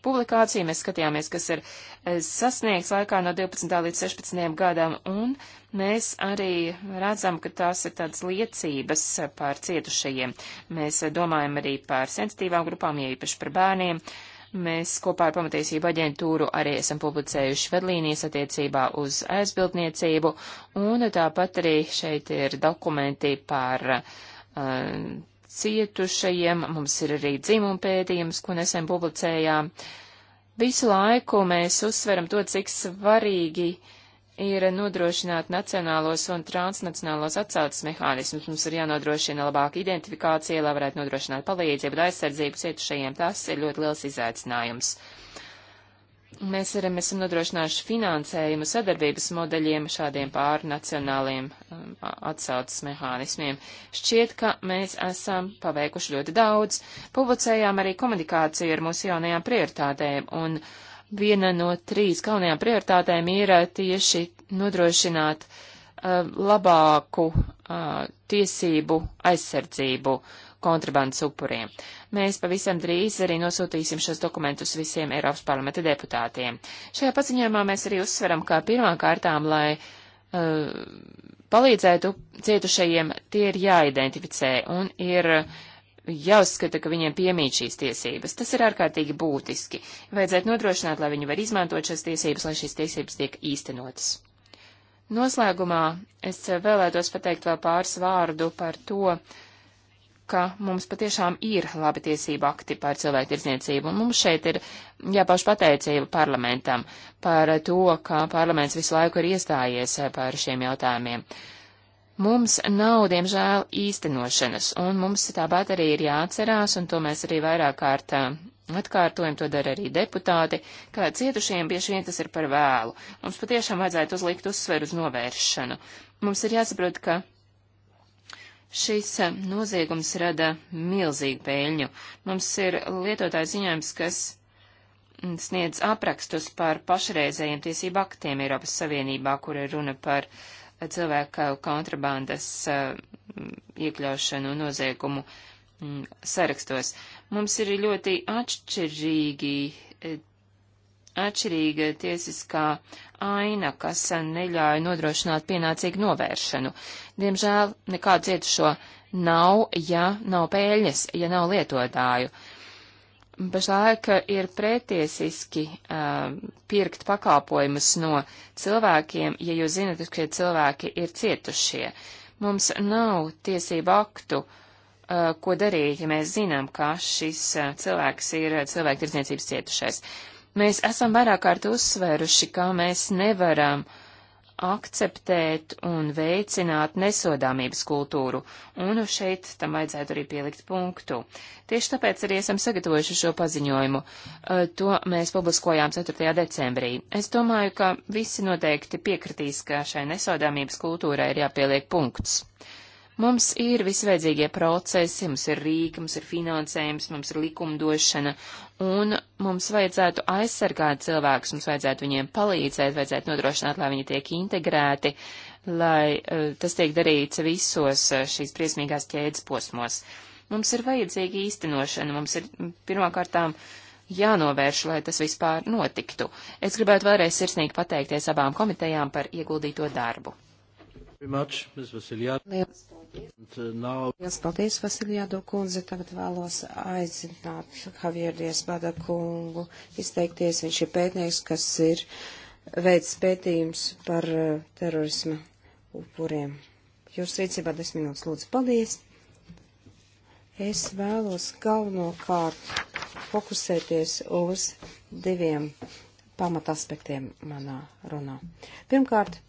publikāciju, mēs skatījāmies, kas ir eh, sasniegts laikā no 12. līdz 16. gadam, un mēs arī redzam, ka tās ir tādas liecības par cietušajiem. Mēs eh, domājam arī par sensitīvām grupām, ja īpaši par bērniem. Mēs kopā ar pamatiesību aģentūru arī esam publicējuši vedlīnijas attiecībā uz aizbildniecību, un tāpat arī šeit ir dokumenti par uh, cietušajiem, mums ir arī dzimuma pētījums, ko nesen publicējām. Visu laiku mēs uzsveram to, cik svarīgi ir nodrošināt nacionālos un transnacionālos atsaucas mehānismus. Mums ir jānodrošina labāka identifikācija, lai varētu nodrošināt palīdzību un aizsardzību cietušajiem. Tas ir ļoti liels izaicinājums. Mēs arī esam nodrošinājuši finansējumu sadarbības modeļiem šādiem pārnacionāliem um, atsaucas mehānismiem. Šķiet, ka mēs esam paveikuši ļoti daudz. Publicējām arī komunikāciju ar mūsu jaunajām prioritātēm, un viena no trīs galvenajām prioritātēm ir uh, tieši nodrošināt uh, labāku uh, tiesību aizsardzību. Uh, kontrabandas upuriem. Mēs pavisam drīz arī nosūtīsim šos dokumentus visiem Eiropas parlamenta deputātiem. Šajā paziņojumā mēs arī uzsveram, ka pirmām kārtām, lai uh, palīdzētu cietušajiem, tie ir jāidentificē un ir jāuzskata, ka viņiem piemīt šīs tiesības. Tas ir ārkārtīgi būtiski. Vajadzētu nodrošināt, lai viņi var izmantot šīs tiesības, lai šīs tiesības tiek īstenotas. Noslēgumā es vēlētos pateikt vēl pāris vārdu par to, ka mums patiešām ir labi tiesība akti par cilvēktirdzniecību, un mums šeit ir jāpauž pateicība parlamentam par to, ka parlaments visu laiku ir iestājies par šiem jautājumiem. Mums nav, diemžēl, īstenošanas, un mums tāpat arī ir jāatcerās, un to mēs arī vairāk kārt uh, Atkārtojam to dara arī deputāti, ka cietušajiem bieži vien tas ir par vēlu. Mums patiešām vajadzētu uzlikt uzsveru uz novēršanu. Mums ir jāsaprot, ka Šis eh, noziegums rada milzīgu pēļņu. Mums ir lietotāja ziņojums, kas sniedz aprakstus par pašreizējiem tiesību aktiem Eiropas Savienībā, kur ir runa par cilvēku kontrabandas eh, iekļaušanu noziegumu mm, sarakstos. Mums ir ļoti atšķirīgi eh, atšķirīga tiesiskā aina, kas neļauj nodrošināt pienācīgu novēršanu. Diemžēl nekādu cietušo nav, ja nav pēļņas, ja nav lietotāju. Pašlaik ir pretiesiski uh, pirkt pakalpojumus no cilvēkiem, ja jūs zinat, ka cilvēki ir cietušie. Mums nav tiesību aktu, uh, ko darīt, ja mēs zinām, ka šis uh, cilvēks ir cilvēku tirdzniecības cietušais. Uh, Mēs esam vairāk kārt uzsvēruši, ka mēs nevaram akceptēt un veicināt nesodāmības kultūru, un šeit tam vajadzētu arī pielikt punktu. Tieši tāpēc arī esam sagatavojuši šo paziņojumu. To mēs publiskojām 4. decembrī. Es domāju, ka visi noteikti piekritīs, ka šai nesodāmības kultūrai ir jāpieliek punkts. Mums ir visveidzīgie procesi, mums ir rīka, mums ir finansējums, mums ir likumdošana, un mums vajadzētu aizsargāt cilvēkus, mums vajadzētu viņiem palīdzēt, vajadzētu nodrošināt, lai viņi tiek integrēti, lai uh, tas tiek darīts visos eh, šīs briesmīgās ķēdes posmos. Mums ir vajadzīga īstenošana, mums ir pirmkārtām jānovērš, lai tas vispār notiktu. Es gribētu vēlreiz sirsnīgi pateikties abām komitejām par ieguldīto darbu. Much, uh, Lielas paldies, paldies Vasiljādo kundze. Tagad vēlos aizināt Javierdies Bada kungu izteikties. Viņš ir pētnieks, kas ir veids pētījums par uh, terorisma upuriem. Jūs rīcībā desmit minūtes lūdzu. Paldies! Es vēlos galvenokārt fokusēties uz diviem pamataspektiem manā runā. Pirmkārt,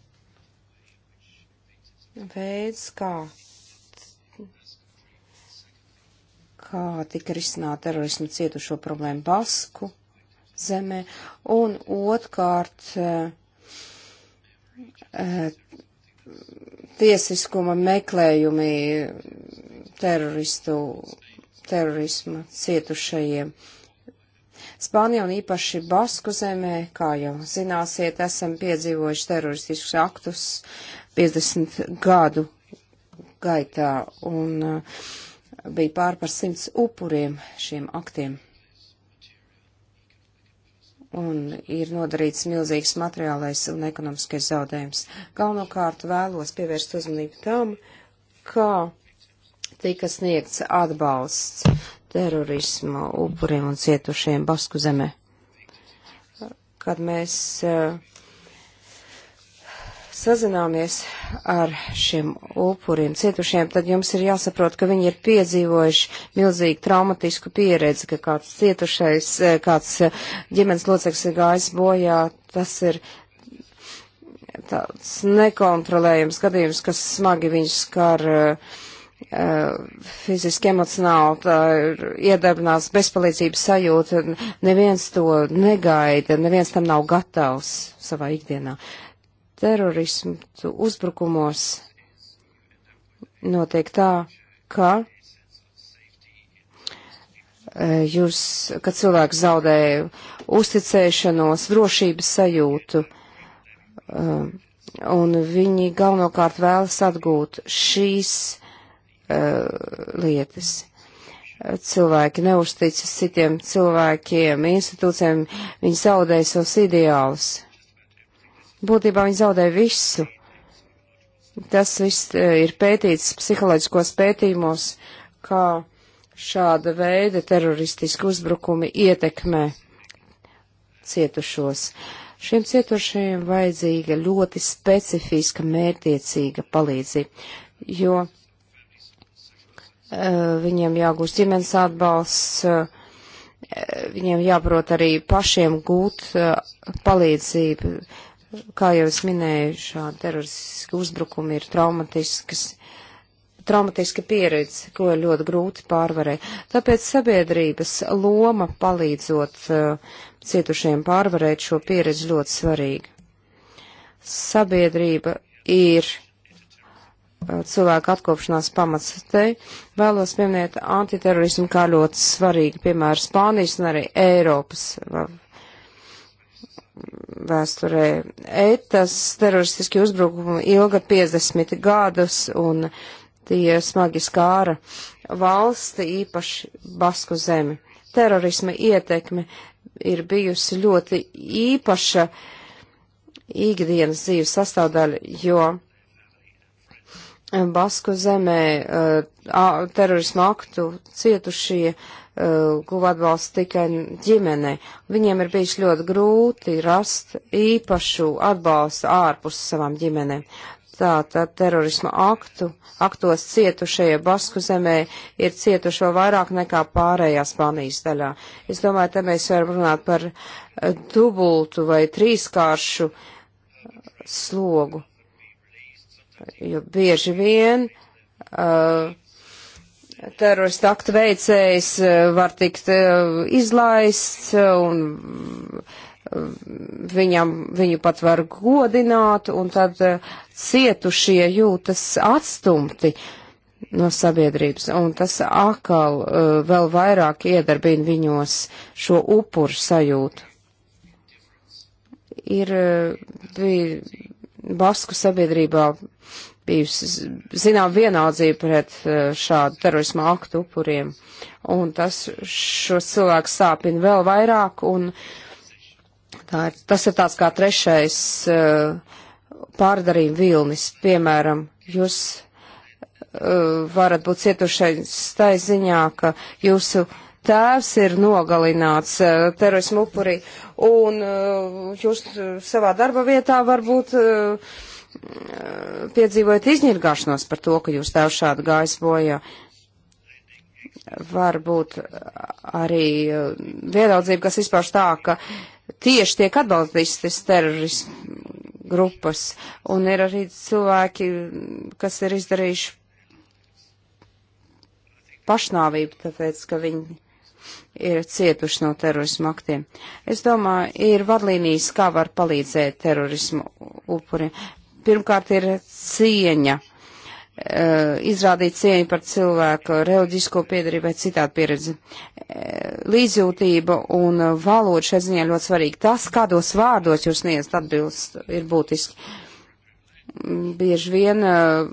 veids, kā, kā tika risināta terorismu cietušo problēmu Basku zemē, un otrkārt eh, eh, tiesiskuma meklējumi teroristu, terorisma cietušajiem. Spānija un īpaši Basku zemē, kā jau zināsiet, esam piedzīvojuši teroristiskus aktus, uh, 50 gadu gaitā un uh, bija pār par simts upuriem šiem aktiem. Un ir nodarīts milzīgs materiālais un ekonomiskais zaudējums. Galvenokārt vēlos pievērst uzmanību tam, kā tika sniegts atbalsts terorisma upuriem un cietušiem Basku zemē. Kad mēs uh, sazināmies ar šiem upuriem, cietušiem, tad jums ir jāsaprot, ka viņi ir piedzīvojuši milzīgu traumatisku pieredzi, ka kāds cietušais, eh, kāds eh, ģimenes loceklis ir gājis bojā, tas ir tāds nekontrolējams gadījums, kas smagi viņus skar. Uh, fiziski, emocionāli tā ir iedarbināts bezpalīdzības sajūta. Neviens to negaida, neviens tam nav gatavs savā ikdienā terorismu uzbrukumos notiek tā, ka e, jūs, kad cilvēks zaudē uzticēšanos, drošības sajūtu, e, un viņi galvenokārt vēlas atgūt šīs e, lietas. Cilvēki neusticas citiem cilvēkiem, institūcijiem, viņi zaudē savus ideālus. Būtībā viņi zaudē visu. Tas viss e, ir pētīts psiholoģiskos pētījumos, kā šāda veida teroristiski uzbrukumi ietekmē cietušos. Šiem cietušajiem vajadzīga ļoti specifiska, mērtiecīga palīdzība, jo uh, viņiem jāgūst ģimenes atbalsts, uh, viņiem jāprot arī pašiem gūt uh, palīdzību. Uh, Kā jau es minēju, šādi teroristiski uzbrukumi ir traumatiskas, traumatiska pieredze, ko ir ļoti grūti pārvarēt. Tāpēc sabiedrības loma palīdzot uh, eh, cietušiem pārvarēt šo pieredzi ļoti svarīga. Sabiedrība ir eh, cilvēku atkopšanās pamats. Te vēlos pieminēt antiterorismu kā ļoti svarīgu, piemēram, Spānijas un arī Eiropas vēsturē. Etas teroristiski uzbrukumi ilga 50 gadus un tie smagi skāra valsti, īpaši Basku zemi. Terorisma ietekme ir bijusi ļoti īpaša ikdienas dzīves sastāvdaļa, jo Basku zemē uh, eh, terorisma aktu cietušie uh, guva eh, atbalstu tikai ģimene. Viņiem ir bijis ļoti grūti rast īpašu atbalstu ārpus savām ģimenēm. Tātad terorisma aktu, aktos cietušie Basku zemē ir cietušo vairāk nekā pārējā Spānijas daļā. Es domāju, te mēs varam runāt par eh, dubultu vai trīskāršu eh, slogu, jo bieži vien uh, terorista aktu veicējs eh, var tikt eh, izlaists eh, un viņam, viņu pat var godināt, un tad cietušie jūtas atstumti no sabiedrības, un tas atkal vēl vairāk iedarbina viņos šo upuru sajūtu. Ir bija Basku sabiedrībā bijusi, zinām, vienaldzība pret eh, šādu terorismu aktu upuriem. Un tas šos cilvēkus sāpina vēl vairāk, un tā ir, tas ir tāds kā trešais eh, pārdarījuma vilnis. Piemēram, jūs eh, varat būt cietušais tai ziņā, ka jūsu tēvs ir nogalināts terorismu upurī, un jūs savā darba vietā varbūt uh, Eh, piedzīvojat izņirgāšanos par to, ka jūs tev šādi gājis bojā. Varbūt arī eh, viedaldzība, kas izpauž tā, ka tieši tiek atbalstītas terorismu grupas, un ir arī cilvēki, kas ir izdarījuši pašnāvību, tāpēc, ka viņi ir cietuši no terorismu aktiem. Es domāju, ir vadlīnijas, kā var palīdzēt terorismu upuriem pirmkārt ir cieņa, eh, izrādīt cieņu par cilvēku reliģisko piedarību vai citādi pieredzi. Eh, līdzjūtība un valoda šai ziņā ļoti svarīga. Tas, kādos vārdos jūs sniedzat atbilst, ir būtiski. Bieži vien eh,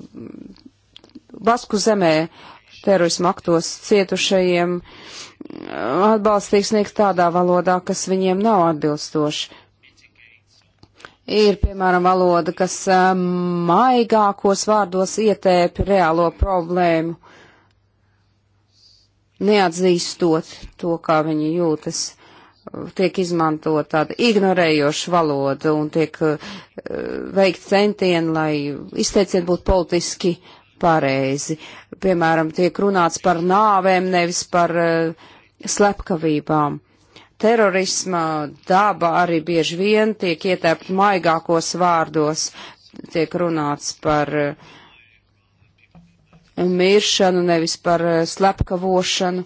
Basku zemē terorismu aktos cietušajiem atbalstīgs sniegt tādā valodā, kas viņiem nav atbilstoši Ir, piemēram, valoda, kas maigākos vārdos ietēp reālo problēmu, neatzīstot to, kā viņi jūtas. Tiek izmantot tāda ignorējoša valoda un tiek uh, veikt centieni, lai izteicieni būtu politiski pareizi. Piemēram, tiek runāts par nāvēm, nevis par uh, slepkavībām terorisma daba arī bieži vien tiek ietērpt maigākos vārdos, tiek runāts par eh, miršanu, nevis par eh, slepkavošanu.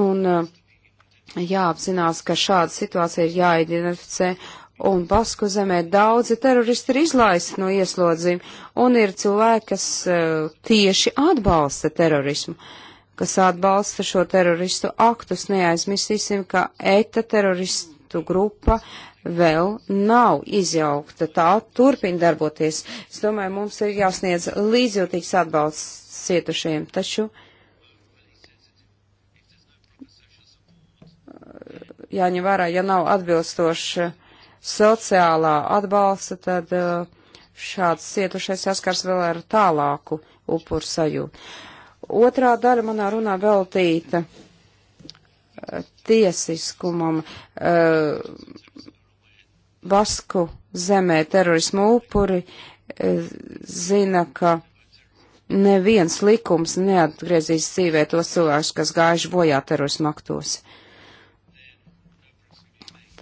Un eh, jāapzinās, ka šāda situācija ir jāidentificē un Basku zemē daudzi teroristi ir izlaisti no ieslodzījuma, un ir cilvēki, kas uh, tieši atbalsta terorismu. Uh, kas atbalsta šo teroristu aktus. Neaizmirsīsim, ka ETA teroristu grupa vēl nav izjaukta. Tā turpina darboties. Es domāju, mums ir jāsniedz līdzjūtīgs atbalsts cietušajiem. Taču eh, jāņem vērā, ja nav atbilstoša sociālā atbalsta, tad eh, šāds cietušais saskars vēl ar tālāku upuru sajūtu. Otrā daļa manā runā veltīta eh, tiesiskumam. Eh, Basku zemē terorismu upuri eh, zina, ka neviens likums neatgriezīs dzīvē tos cilvēkus, kas gājuši bojā terorismu aktos.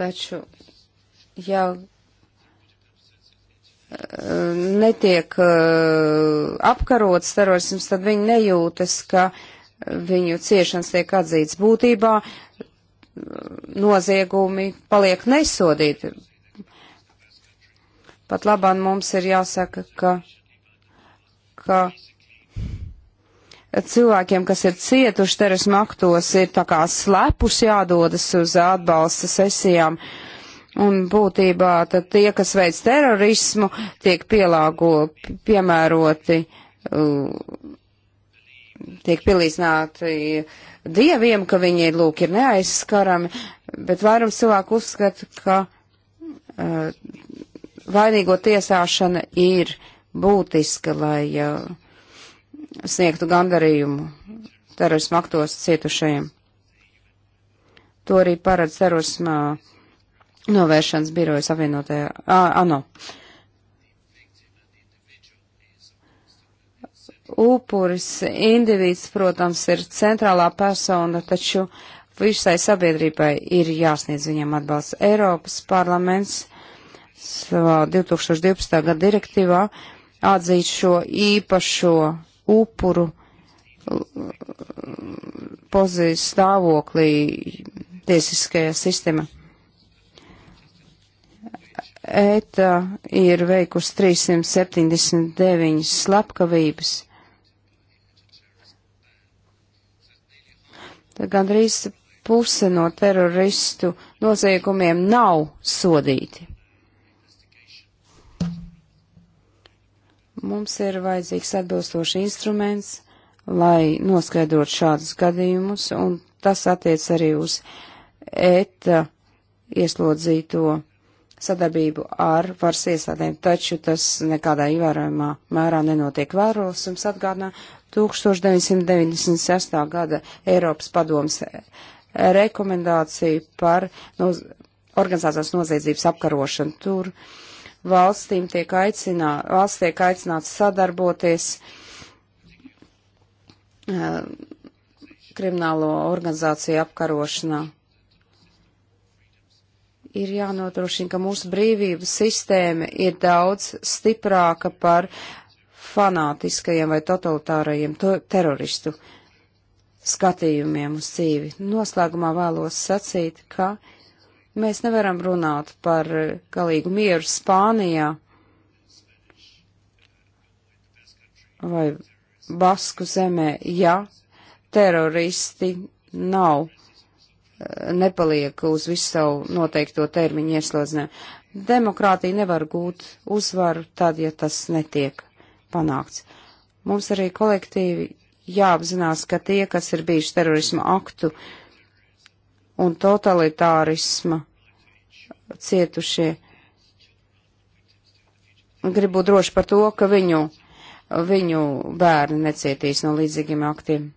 Taču, ja netiek uh, apkarots terorisms, tad viņi nejūtas, ka viņu ciešanas tiek atzīts būtībā, uh, noziegumi paliek nesodīti. Pat labāk mums ir jāsaka, ka, ka cilvēkiem, kas ir cietuši terorismu aktos, ir tā kā slepus jādodas uz atbalsta sesijām. Uh, Un būtībā tad tie, kas veids terorismu, tiek pielāgo, piemēroti, uh, tiek pielīdzināti dieviem, ka viņi ir lūk ir neaizskarami, bet vairums cilvēku uzskata, ka uh, vainīgo tiesāšana ir būtiska, lai uh, sniegtu gandarījumu terorismu aktos cietušajiem. To arī paredz terorismā uh, novēršanas birojas apvienotajā, ANO. Upuris, individs, protams, ir centrālā persona, taču visai sabiedrībai ir jāsniedz viņam atbalsts. Eiropas parlaments savā 2012. gada direktīvā atzīst šo īpašo upuru pozīciju stāvoklī tiesiskajā sistēmā. ETA ir veikusi 379 slepkavības. Tad gandrīz puse no teroristu noziegumiem nav sodīti. Mums ir vajadzīgs atbilstošs instruments, lai noskaidrot šādus gadījumus, un tas attiec arī uz ETA ieslodzīto sadarbību ar varas iestādēm, taču tas nekādā ievērojumā mērā nenotiek vēros. Jums atgādinā 1996. gada Eiropas padomas rekomendāciju par noz organizācijas noziedzības apkarošanu. Tur valstīm tiek aicinā, valsts tiek aicināts sadarboties eh, kriminālo organizāciju apkarošanā ir jānodrošina, ka mūsu brīvības sistēma ir daudz stiprāka par fanātiskajiem vai totalitārajiem to teroristu skatījumiem uz dzīvi. Noslēgumā vēlos sacīt, ka mēs nevaram runāt par galīgu mieru Spānijā vai Basku zemē, ja teroristi nav nepaliek uz visu savu noteikto termiņu ieslodzinē. Demokrātija nevar gūt uzvaru tad, ja tas netiek panākts. Mums arī kolektīvi jāapzinās, ka tie, kas ir bijuši terorisma aktu un totalitārisma cietušie, grib būt droši par to, ka viņu, viņu bērni necietīs no līdzīgiem aktiem.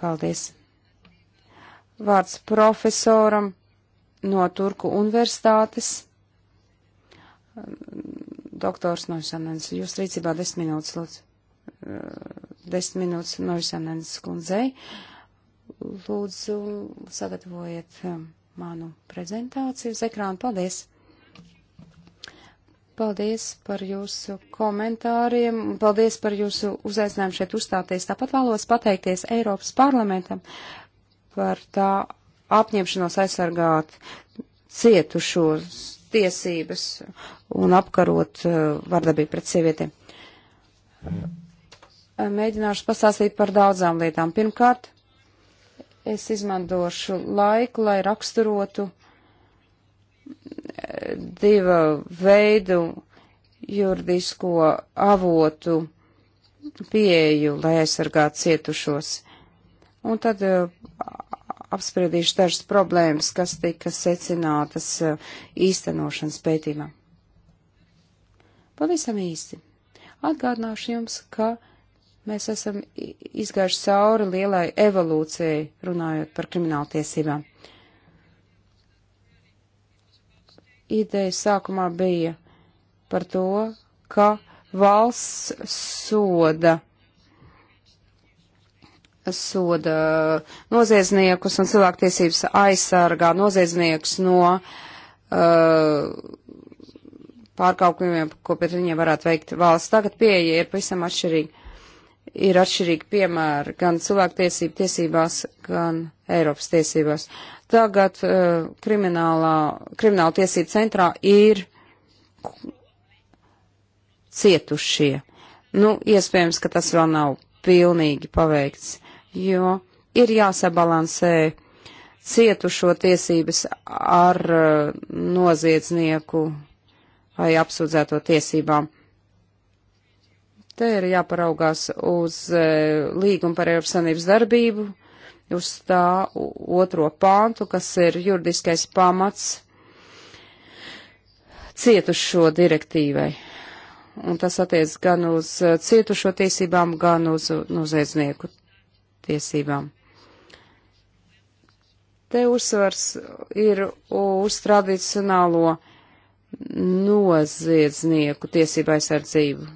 Paldies! Vārds profesoram no Turku universitātes. Doktors Noisanens, jūs rīcībā desmit minūtes, lūdzu. Eh, desmit minūtes Noisanens kundzei. Lūdzu, sagatavojiet eh, manu prezentāciju uz ekrānu. Paldies! Paldies par jūsu komentāriem un paldies par jūsu uzaicinājumu šeit uzstāties. Tāpat vēlos pateikties Eiropas parlamentam par tā apņemšanos aizsargāt cietušos tiesības un apkarot uh, vardarbību pret sievietēm. Uh, mēģināšu pastāstīt par daudzām lietām. Pirmkārt, es izmantošu laiku, lai raksturotu uh, divu veidu juridisko avotu pieeju, lai aizsargātu cietušos. Un tad uh, apspriedīšu dažas problēmas, kas tika secinātas eh, īstenošanas pētījumā. Pavisam īsi. Atgādināšu jums, ka mēs esam izgājuši cauri lielai evolūcijai, runājot par krimināltiesībām. Ideja sākumā bija par to, ka valsts soda soda noziedzniekus un cilvēktiesības aizsargā noziedzniekus no uh, pārkāpumiem, ko pret viņiem varētu veikt valsts. Tagad pieeja ir pavisam atšķirīga. Ir atšķirīgi piemēri gan cilvēktiesību tiesībās, gan Eiropas tiesībās. Tagad uh, krimināla tiesība centrā ir cietušie. Nu, iespējams, ka tas vēl nav pilnīgi paveikts jo ir jāsabalansē cietušo tiesības ar uh, noziedznieku vai apsūdzēto tiesībām. Te ir jāparaugās uz uh, līgumu par Eiropas Sanības darbību, uz tā otro pāntu, kas ir juridiskais pamats cietušo direktīvai. Un tas attiec gan uz uh, cietušo tiesībām, gan uz noziedznieku tiesībām. Te uzsvars ir uz tradicionālo noziedznieku tiesību aizsardzību.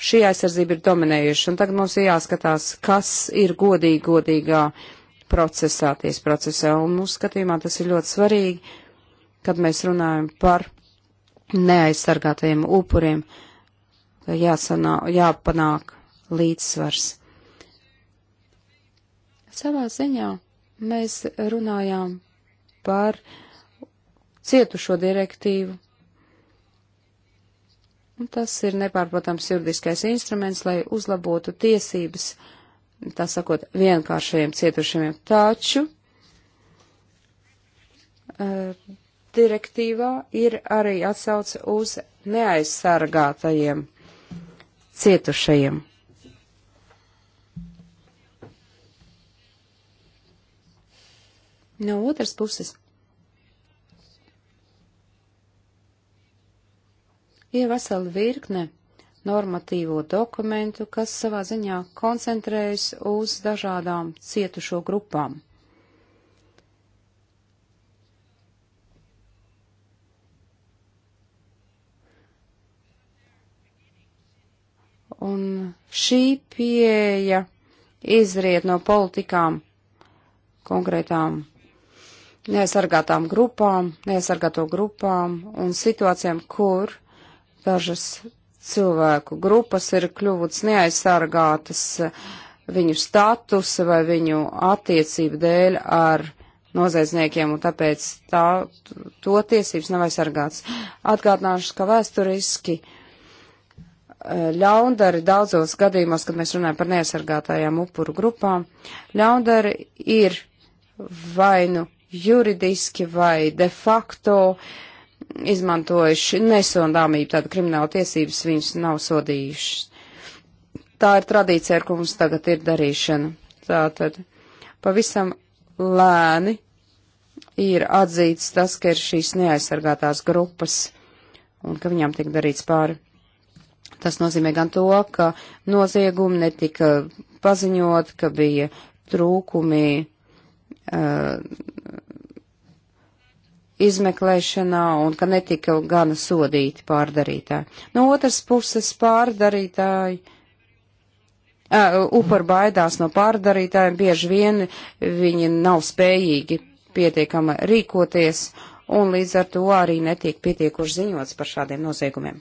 Šī aizsardzība ir dominējuša, un tagad mums ir jāskatās, kas ir godīgi godīgā procesā, tiesa procesā, un mūsu nu, skatījumā tas ir ļoti svarīgi, kad mēs runājam par neaizsargātajiem upuriem, jāsanā, jāpanāk līdzsvars. Savā ziņā mēs runājām par cietušo direktīvu. Un tas ir nepārprotams juridiskais instruments, lai uzlabotu tiesības, tā sakot, vienkāršajiem cietušajiem. Taču uh, direktīvā ir arī atsauce uz neaizsargātajiem cietušajiem. No otras puses, ir vesela virkne normatīvo dokumentu, kas savā ziņā koncentrējas uz dažādām cietušo grupām. Un šī pieeja izriet no politikām konkrētām neaizsargātām grupām, neaizsargāto grupām un situācijām, kur dažas cilvēku grupas ir kļuvusi neaizsargātas viņu statusa vai viņu attiecību dēļ ar noziedzniekiem, un tāpēc tā, to tiesības nav aizsargāts. Atgādināšu, ka vēsturiski e, ļaundari daudzos gadījumos, kad mēs runājam par neaizsargātajām upuru grupām, ļaundari ir vainu juridiski vai de facto izmantojuši nesondāmību, tāda krimināla tiesības viņus nav sodījušas. Tā ir tradīcija, ar ko mums tagad ir darīšana. Tātad pavisam lēni ir atzīts tas, ka ir šīs neaizsargātās grupas un ka viņām tiek darīts pāri. Tas nozīmē gan to, ka noziegumi netika paziņot, ka bija trūkumi Uh, izmeklēšanā un ka netika gana sodīti pārdarītāji. No otras puses pārdarītāji. Uh, upur baidās no pārdarītājiem, bieži vien viņi nav spējīgi pietiekami rīkoties, un līdz ar to arī netiek pietiekuši ziņots par šādiem noziegumiem.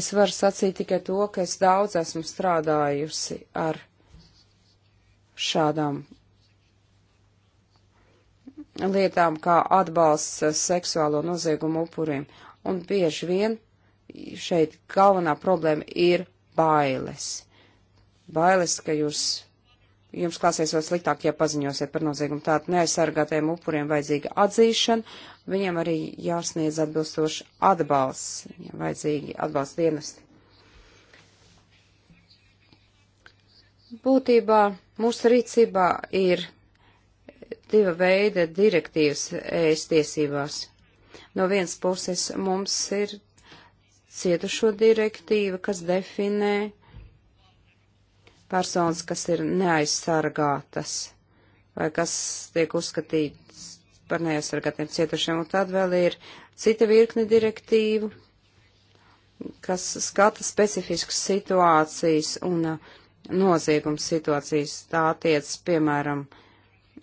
Es varu sacīt tikai to, ka es daudz esmu strādājusi ar šādām lietām kā atbalsts seksuālo noziegumu upuriem. Un bieži vien šeit galvenā problēma ir bailes. Bailes, ka jūs, jums klāsies vēl sliktāk, ja paziņosiet par noziegumu. Tātad neaizsargātajiem upuriem vajadzīga atzīšana, viņiem arī jāsniedz atbilstoši atbalsts, ja vajadzīgi atbalsta dienesti. Būtībā mūsu rīcībā ir diva veida direktīvas ēst tiesībās. No vienas puses mums ir cietušo direktīva, kas definē personas, kas ir neaizsargātas vai kas tiek uzskatīts par neaizsargātiem cietušiem. Un tad vēl ir cita virkne direktīvu, kas skata specifiskas situācijas un noziegums situācijas. Tā attiec, piemēram, uh,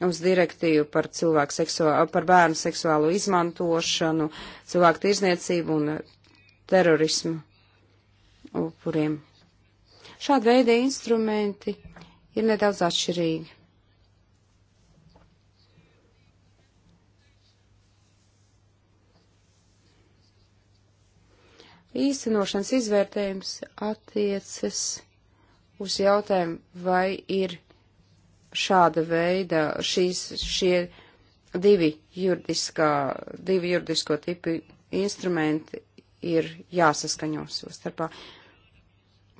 uz direktīvu par, seksuālu, par bērnu seksuālu izmantošanu, cilvēku tirzniecību un terorismu upuriem. Šāda veida instrumenti ir nedaudz atšķirīgi. Īstenošanas izvērtējums attiecas uz jautājumu, vai ir šāda veida šīs, šie divi, juridiskā, divi juridisko tipu instrumenti ir jāsaskaņo starpā.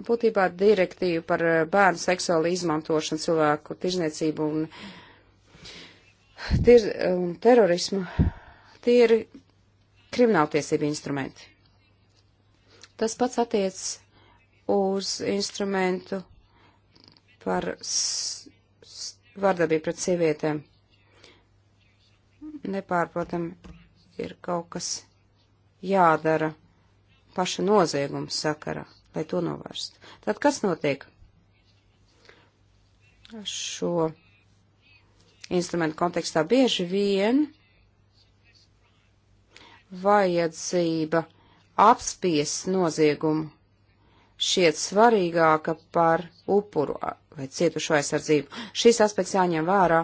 Būtībā direktīva par eh, bērnu seksuālu izmantošanu, cilvēku tirzniecību un, tir, un terorismu, tie ir krimināltiesību instrumenti. Tas pats attiec uz instrumentu par vardarbība pret sievietēm. Nepārprotam, ir kaut kas jādara paša nozieguma sakarā, lai to novērstu. Tad kas notiek? Šo instrumentu kontekstā bieži vien vajadzība apspiest noziegumu šiet svarīgāka par upuru vai cietušo aizsardzību. Šis aspekts jāņem vērā,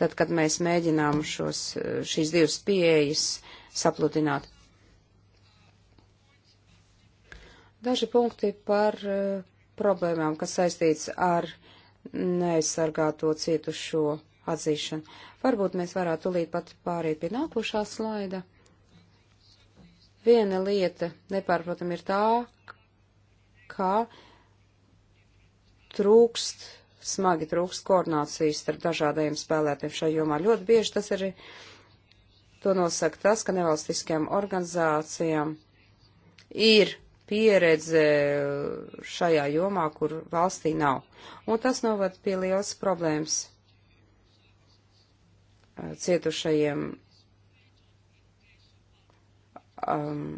tad, kad mēs mēģinām šos, šīs divas pieejas sapludināt. Daži punkti par uh, problēmām, kas saistīts ar neaizsargāto cietušo atzīšanu. Varbūt mēs varētu tūlīt pat pāriet pie nākošā slaida. Viena lieta, nepārprotam, ir tā, ka trūkst, smagi trūkst koordinācijas starp dažādajiem spēlētiem šajā jomā. Ļoti bieži tas ir, to nosaka tas, ka nevalstiskajām organizācijām ir pieredze šajā jomā, kur valstī nav. Un tas novad pie lielas problēmas eh, cietušajiem um,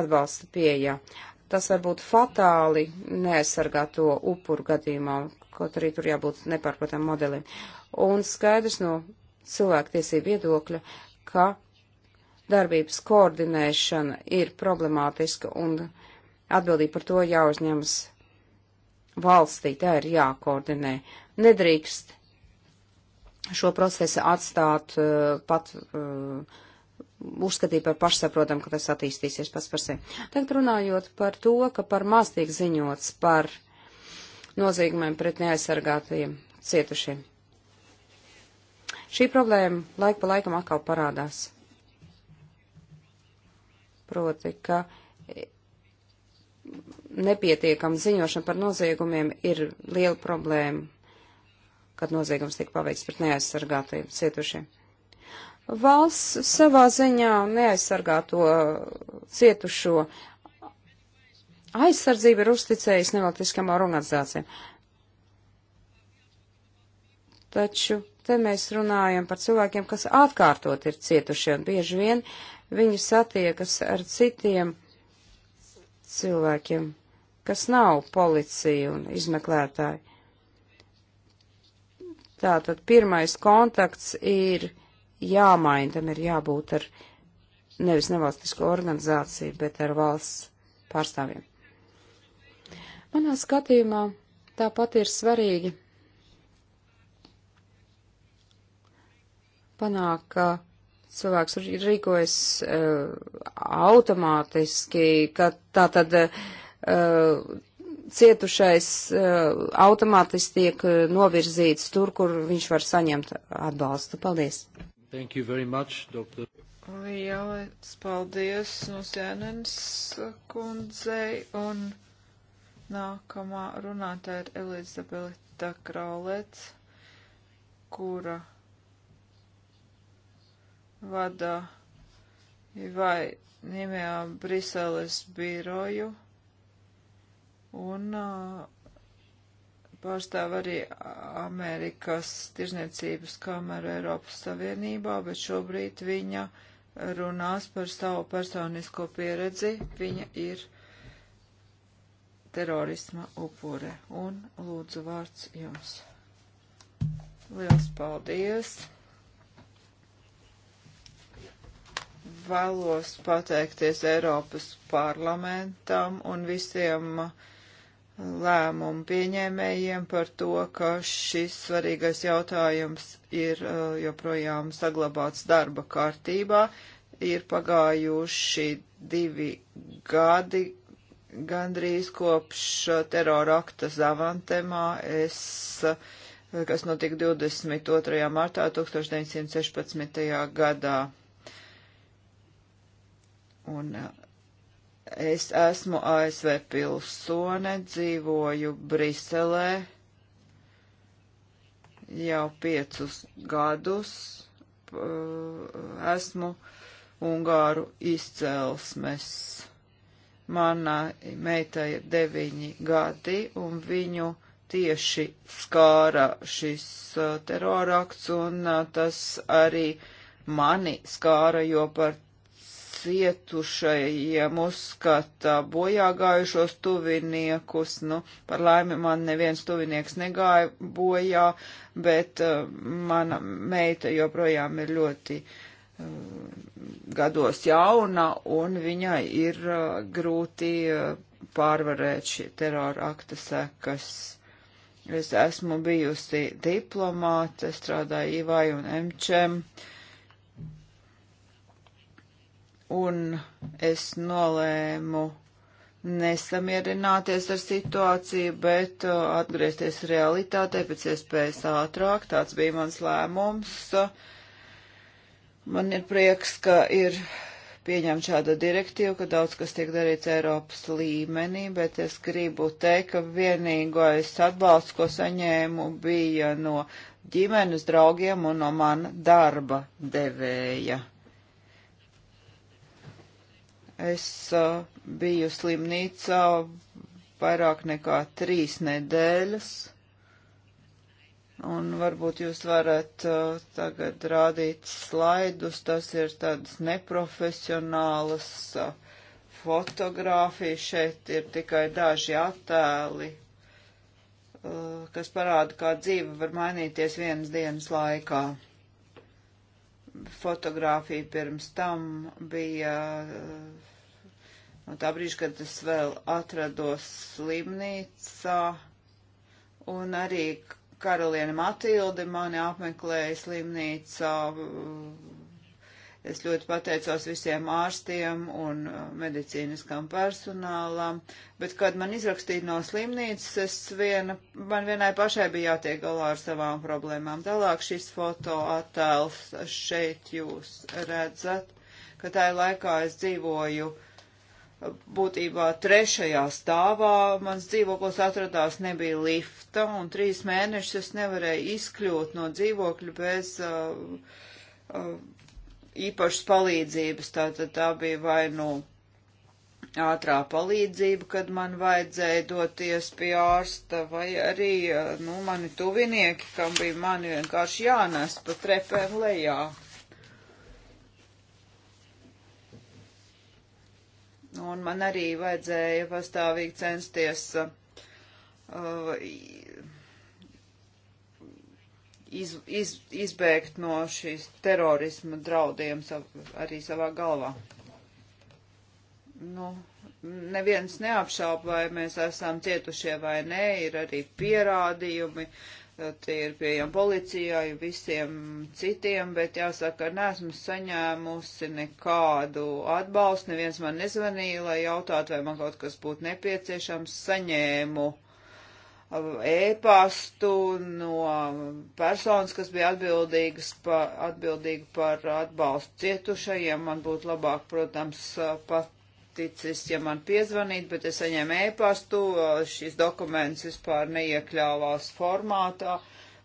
atbalsta pieeja tas var būt fatāli neaizsargāto upuru gadījumā, kaut arī tur jābūt nepārprotam modelim. Un skaidrs no cilvēktiesību viedokļa, ka darbības koordinēšana ir problemātiska un atbildība par to jāuzņemas valstī, tā ir jākoordinē. Nedrīkst šo procesu atstāt uh, pat uh, uzskatīja par pašsaprotam, ka tas attīstīsies pats par sevi. Tagad runājot par to, ka par maz tiek ziņots par noziegumiem pret neaizsargātajiem cietušiem. Šī problēma laik pa laikam atkal parādās. Proti, ka nepietiekama ziņošana par noziegumiem ir liela problēma, kad noziegums tiek paveikts pret neaizsargātajiem cietušiem. Valsts savā ziņā neaizsargā to cietušo. Aizsardzība ir uzticējusi nevalstiskām organizācijām. Taču te mēs runājam par cilvēkiem, kas atkārtot ir cietušie, un bieži vien viņi satiekas ar citiem cilvēkiem, kas nav policija un izmeklētāji. Tātad pirmais kontakts ir jāmaina, tam ir jābūt ar nevis nevalstisko organizāciju, bet ar valsts pārstāvjiem. Manā skatījumā tāpat ir svarīgi panākt, ka cilvēks rīkojas uh, automātiski, ka tā tad uh, cietušais uh, automātiski tiek uh, novirzīts tur, kur viņš var saņemt atbalstu. Paldies! Thank you very much, Dr. Lielas paldies Nusēnens kundzei un nākamā runātāja ir Elizabeta Kraulets, kura vada vai Nīmijā Briseles biroju un uh, pārstāv arī Amerikas tirzniecības kameru Eiropas Savienībā, bet šobrīd viņa runās par savu personisko pieredzi. Viņa ir terorisma upure. Un lūdzu vārds jums. Liels paldies! Vēlos pateikties Eiropas parlamentam un visiem uh, lēmumu pieņēmējiem par to, ka šis svarīgais jautājums ir uh, joprojām saglabāts darba kārtībā. Ir pagājuši divi gadi gandrīz kopš uh, terora akta Zavantemā, es, uh, kas notika 22. martā 1916. gadā. Un Es esmu ASV pilsone, dzīvoju Briselē jau piecus gadus. Esmu Ungāru izcelsmes. Manā meitai ir deviņi gadi, un viņu tieši skāra šis uh, eh, terorakts, un uh, tas arī mani skāra, jo par cietušajiem uzskata bojāgājušos tuviniekus. Nu, par laimi man neviens tuvinieks negāja bojā, bet uh, mana meita joprojām ir ļoti uh, gados jauna un viņai ir uh, grūti pārvarēt šī terora akta sekas. Es esmu bijusi diplomāte, strādāju IVAI un MČM. Uh, un es nolēmu nesamierināties ar situāciju, bet uh, atgriezties realitātē pēc iespējas ātrāk. Tāds bija mans lēmums. Man ir prieks, ka ir pieņemta šāda direktīva, ka daudz kas tiek darīts Eiropas līmenī, bet es gribu teikt, ka vienīgais atbalsts, ko saņēmu, bija no ģimenes draugiem un no man darba devēja Es uh, biju slimnīcā vairāk nekā trīs nedēļas, un varbūt jūs varat uh, tagad rādīt slaidus, tas ir tādas neprofesionālas uh, fotogrāfijas, šeit ir tikai daži attēli, uh, kas parāda, kā dzīve var mainīties vienas dienas laikā fotografija pirms tam bija no tā brīža, kad es vēl atrados slimnīcā, un arī karaliene Matilde mani apmeklēja slimnīcā Es ļoti pateicos visiem ārstiem un uh, medicīniskam personālam, bet, kad man izrakstīja no slimnīcas, es viena, man vienai pašai bija jātiek galā ar savām problēmām. Tālāk šis fotoattēls šeit jūs redzat, ka tā laikā es dzīvoju uh, būtībā trešajā stāvā mans dzīvoklis atradās, nebija lifta, un trīs mēnešus es nevarēju izkļūt no dzīvokļa bez uh, uh, īpašas palīdzības, tātad tā bija vai nu ātrā palīdzība, kad man vajadzēja doties pie ārsta, vai arī, eh, nu, mani tuvinieki, kam bija mani vienkārši jānes pa trepēm lejā. Un man arī vajadzēja pastāvīgi censties uh, iz, iz, izbēgt no šīs terorisma draudiem sav, arī savā galvā. Nu, neviens neapšauba, vai mēs esam cietušie vai nē, ir arī pierādījumi, eh, tie ir pieejami policijai, visiem citiem, bet jāsaka, neesmu saņēmusi nekādu atbalstu, neviens man nezvanīja, lai jautātu, vai man kaut kas būtu nepieciešams, saņēmu uh, ēpastu no personas, kas bija atbildīgas pa, atbildīga par atbalstu cietušajiem. Man būtu labāk, protams, paticis, ja man piezvanīt, bet es saņēmu ēpastu, šis dokuments vispār neiekļāvās formātā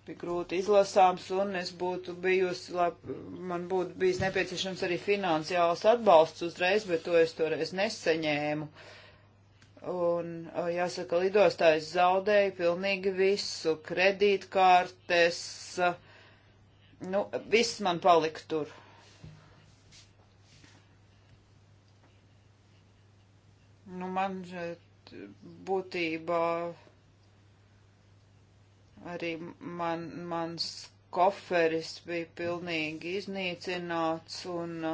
bija grūti izlasāms, un es būtu bijusi, lab, man būtu bijis nepieciešams arī finansiāls atbalsts uzreiz, bet to es toreiz nesaņēmu. Uh, Un jāsaka, lidostā es zaudēju pilnīgi visu - kredītkārtes, nu, viss man palika tur. Nu, man būtībā arī man, mans koferis bija pilnīgi iznīcināts un uh,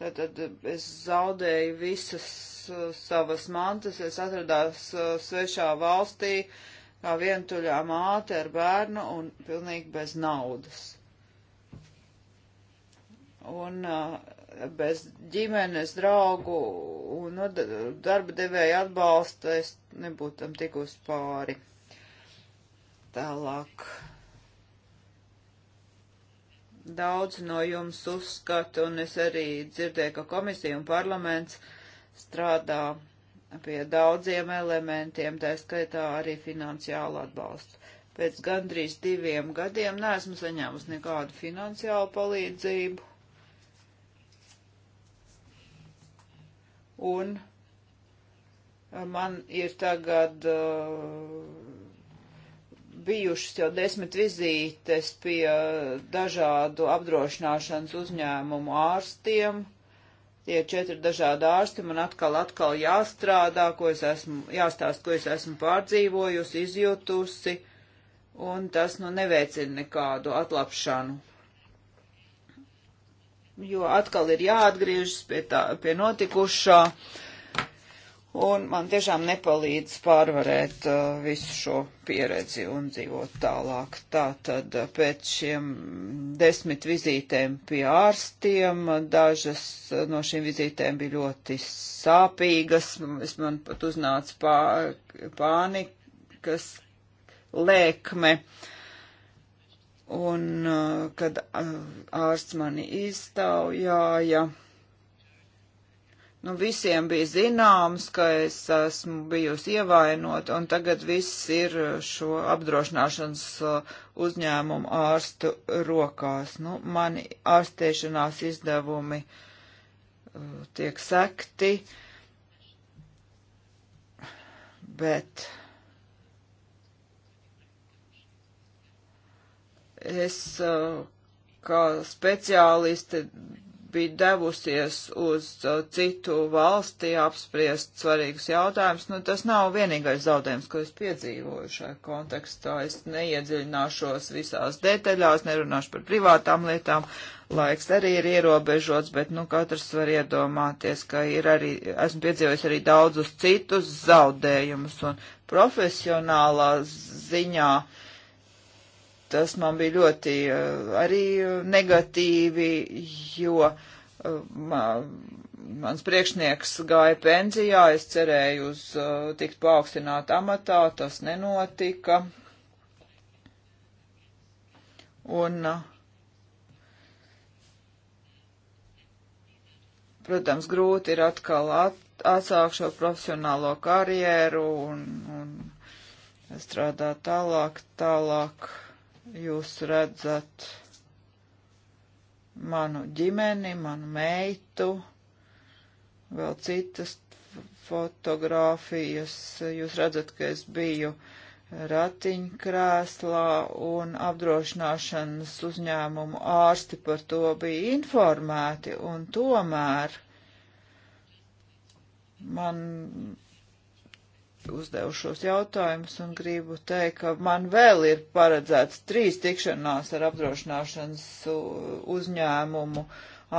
Tātad es zaudēju visas uh, savas mantas, es atradās uh, svešā valstī kā vientuļā māte ar bērnu un pilnīgi bez naudas. Un uh, bez ģimenes draugu un no, nu, darba devēja atbalsta es nebūtu tam tikus pāri. Tālāk daudz no jums uzskata, un es arī dzirdēju, ka komisija un parlaments strādā pie daudziem elementiem, tā skaitā arī finansiālu atbalstu. Pēc gandrīz diviem gadiem neesmu saņēmusi nekādu finansiālu palīdzību. Un man ir tagad uh, bijušas jau desmit vizītes pie dažādu apdrošināšanas uzņēmumu ārstiem. Tie četri dažādi ārsti man atkal, atkal jāstrādā, ko es esmu, jāstāst, ko es esmu pārdzīvojusi, izjutusi, un tas nu neveicina nekādu atlapšanu. Jo atkal ir jāatgriežas pie, tā, pie notikušā. Uh, un man tiešām nepalīdz pārvarēt uh, visu šo pieredzi un dzīvot tālāk. Tā tad uh, pēc šiem desmit vizītēm pie ārstiem, uh, dažas uh, no šīm vizītēm bija ļoti sāpīgas, es man pat uznāca pā, pānikas lēkme. Un, uh, kad ārsts mani iztaujāja, ja, Nu, visiem bija zināms, ka es esmu bijusi ievainota, un tagad viss ir šo apdrošināšanas uh, uzņēmumu ārstu rokās. Nu, mani ārstēšanās izdevumi uh, tiek sekti, bet es uh, kā speciāliste bija devusies uz uh, citu valsti apspriest svarīgus jautājumus. Nu, tas nav vienīgais zaudējums, ko es piedzīvoju šajā kontekstā. Es neiedziļināšos visās detaļās, nerunāšu par privātām lietām. Laiks arī ir ierobežots, bet, nu, katrs var iedomāties, ka ir arī, esmu piedzīvojis arī daudzus citus zaudējumus un profesionālā ziņā. Uh, tas man bija ļoti eh, arī eh, negatīvi, jo eh, man, mans priekšnieks gāja pensijā, es cerēju uz tikt paaugstināt amatā, tas nenotika. Un, protams, grūti ir atkal at, atsākt šo profesionālo karjeru un, un strādāt tālāk, tālāk. Jūs redzat manu ģimeni, manu meitu, vēl citas fotogrāfijas. Jūs redzat, ka es biju ratiņkrēslā un apdrošināšanas uzņēmumu ārsti par to bija informēti, un tomēr man uzdevušos jautājumus un gribu teikt, ka man vēl ir paredzēts trīs tikšanās ar apdrošināšanas uzņēmumu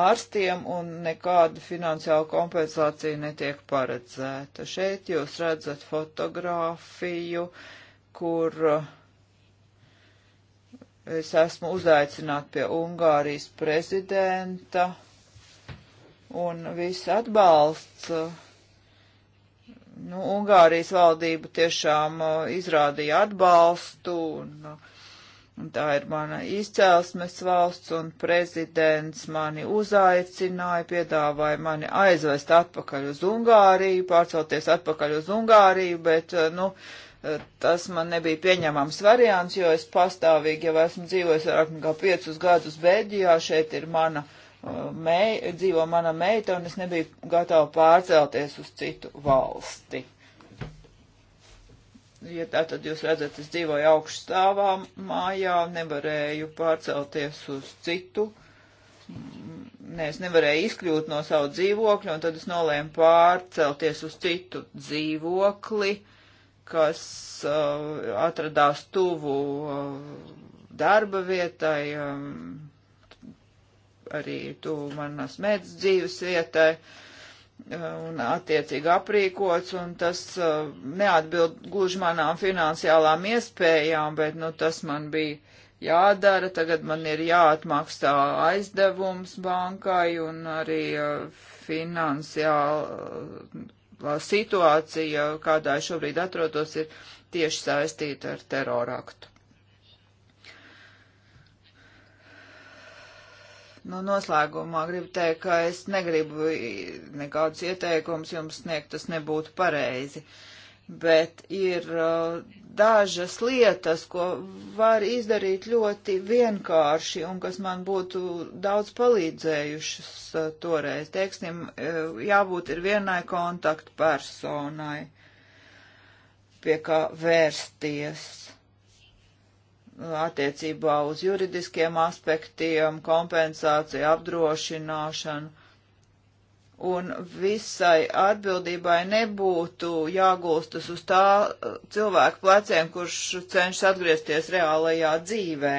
ārstiem un nekāda finansiāla kompensācija netiek paredzēta. Šeit jūs redzat fotogrāfiju, kur uh, es esmu uzaicināta pie Ungārijas prezidenta un viss atbalsts uh, nu, Ungārijas valdība tiešām uh, izrādīja atbalstu, un, uh, un tā ir mana izcelsmes valsts, un prezidents mani uzaicināja, piedāvāja mani aizvest atpakaļ uz Ungāriju, pārcelties atpakaļ uz Ungāriju, bet, uh, nu, tas man nebija pieņemams variants, jo es pastāvīgi jau esmu dzīvojis vairāk nekā piecus gadus Beļģijā, šeit ir mana uh, mei, dzīvo mana meita, un es nebiju gatava pārcelties uz citu valsti. Ja tā tad jūs redzat, es dzīvoju augšstāvā mājā, nevarēju pārcelties uz citu. Nē, es nevarēju izkļūt no savu dzīvokļu, un tad es nolēmu pārcelties uz citu dzīvokli, kas uh, atradās tuvu uh, darba vietai. Um, arī tuvu manas mēdz dzīves vietai uh, un attiecīgi aprīkots, un tas uh, neatbild gluži manām finansiālām iespējām, bet, nu, tas man bija jādara, tagad man ir jāatmaksā aizdevums bankai un arī uh, finansiāla situācija, kādā es šobrīd atrodos, ir tieši saistīta ar teroraktu. Nu, noslēgumā gribu teikt, ka es negribu nekādus ieteikumus jums sniegt, tas nebūtu pareizi. Bet ir uh, dažas lietas, ko var izdarīt ļoti vienkārši un kas man būtu daudz palīdzējušas uh, toreiz. Teiksim, uh, jābūt ir vienai kontaktpersonai, pie kā vērsties attiecībā uz juridiskiem aspektiem, kompensāciju, apdrošināšanu. Un visai atbildībai nebūtu jāgulstas uz tā cilvēku pleciem, kurš cenšas atgriezties reālajā dzīvē.